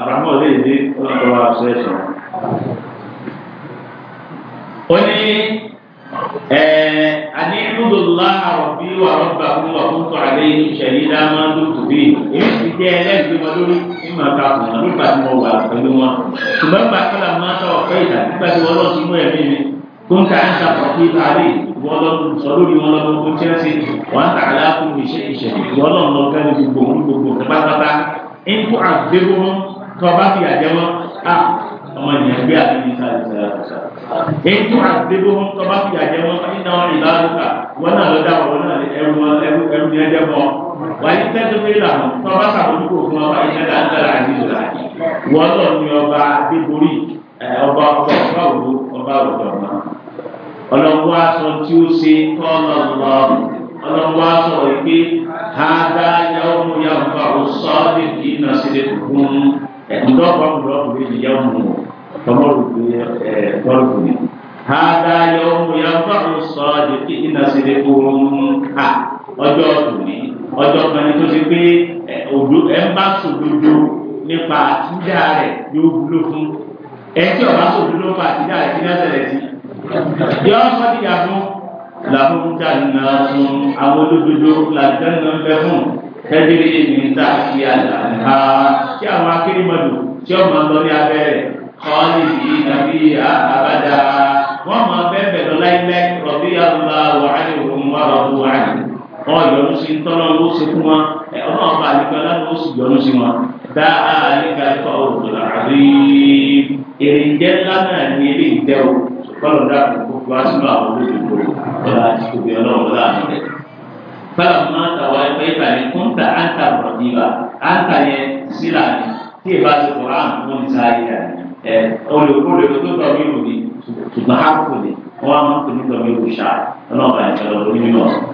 àbámọ̀ lè dé ọ̀tọ̀ wa ṣẹ̀ṣọ̀ ó ní àní lúdòlá àròbí wà rọ́bà fún wà fún tó àlẹ́ ìṣẹ̀lẹ̀ dáná lóòótọ́ bí èyí sì jẹ́ ẹlẹ́gbẹ̀ẹ́ wọn lórí nínú àga fún wọn nígbà tí wọn wà pẹ̀lú wọn ṣùgbọ́n nígbà tí máa sọ ọ̀fẹ́ ìdá nígbà tí wọn lọ sí inú ẹ̀mí mi tó ń ka ń sàkóso ìbáraẹ̀ wọn lọ wọn lọ gbogbo chelsea wọn tà aláàfin ìṣe ìṣẹ̀lẹ̀ wọn lọ lọ gbẹ èyí tó àgbébó wọn tó bá fìyà jẹ wọn ní náà ìlà àlùkà wọn náà lọ dáwọ wọn náà ẹrù wọn ẹrù ẹrù ní ẹjẹ bọ wà ní tẹ́tù pé ìlànà tó bá sàbójúkò fún ọba ìṣẹ́ náà ń tẹ̀lé àti ìlà wọn lọ ní ọba àdébórí ọba ọba ọba òdo ọba òdo ọba ọlọ́wọ́ aṣọ tí ó ṣe kọ́ ọlọ́wọ́ ọlọ́wọ́ aṣọ ìgbé hádá yàwó yàwó sọ́ọ́dì kì í nà sílẹ̀ fún ẹ̀dùn tọ́mọ̀rù ni. Hada yọ̀ọ́mù yọ̀ọ́fàrù sọ àdìpé ìnàsílẹ̀ òun ká ọjọ́ òní ọjọ́ kan ní tó ṣe pé òdo ẹ bá sòdodo nípa àtúndà rẹ̀ yóò wúlò fún ẹ tí ọba sòdodo nípa àtúndà rẹ̀ kí ní ọ̀sẹ̀lẹ̀ sí. Yọ sọ́díyà fún làwọn dáná fún àwọn olódodo làdáná ń bẹ fún tẹ́lẹ̀ ní ta àti àlàáhà kí àwọn akérèmọdò tí ọmọ lọ ní abẹ́rẹ́ kọ́ọ̀lì yìí nàbí àbádá wọ́n máa bẹ́ẹ̀ bẹ̀rẹ̀ láìpẹ́ rọ̀bí àlùbá wàhálì òun wà rọ̀bù wàhálì wọ́n yọ̀nù sí tọ́lọ́ ló ṣe fún wọn ọ̀nà ọba àlùkò aláwọ̀ ó sì yọ̀nù sí wọn dá àlùkò àlùkò òkùnrin àbí èrìǹjẹ́ ńlá náà ní ilé ìtẹ́ o kọ́lọ̀ dáàbò gbogbo asúnú àwọn olóṣèlú ọ̀la àti tòbí ọlọ́run láàmú rẹ̀. fẹ́lẹ̀ mọ́ àtàwọn ẹgbẹ́ ìbàlẹ̀ kọ́ńtà àǹtà rọ̀bì wa àǹtà yẹn sílà tí ìbá ti kọ̀ olùkúlù tó tọ̀ mí lò ní ṣùgbọ́n á kò ní wọ́n á máa kò ní tọ̀ mí lò ṣáà ọlọ́ọ̀bà ìṣẹ̀lẹ̀ lórí nínú ọ̀sán.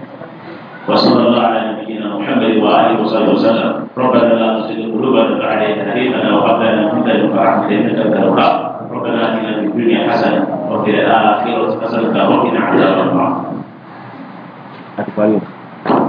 وصلى الله على نبينا محمد وآله وصحبه وسلم ربنا لا تزغ قلوبنا بعد إذ هديتنا وهب لنا من لدنك رحمة إنك أنت الوهاب ربنا آتنا في الدنيا حسنة وفي الآخرة حسنة وقنا عذاب النار.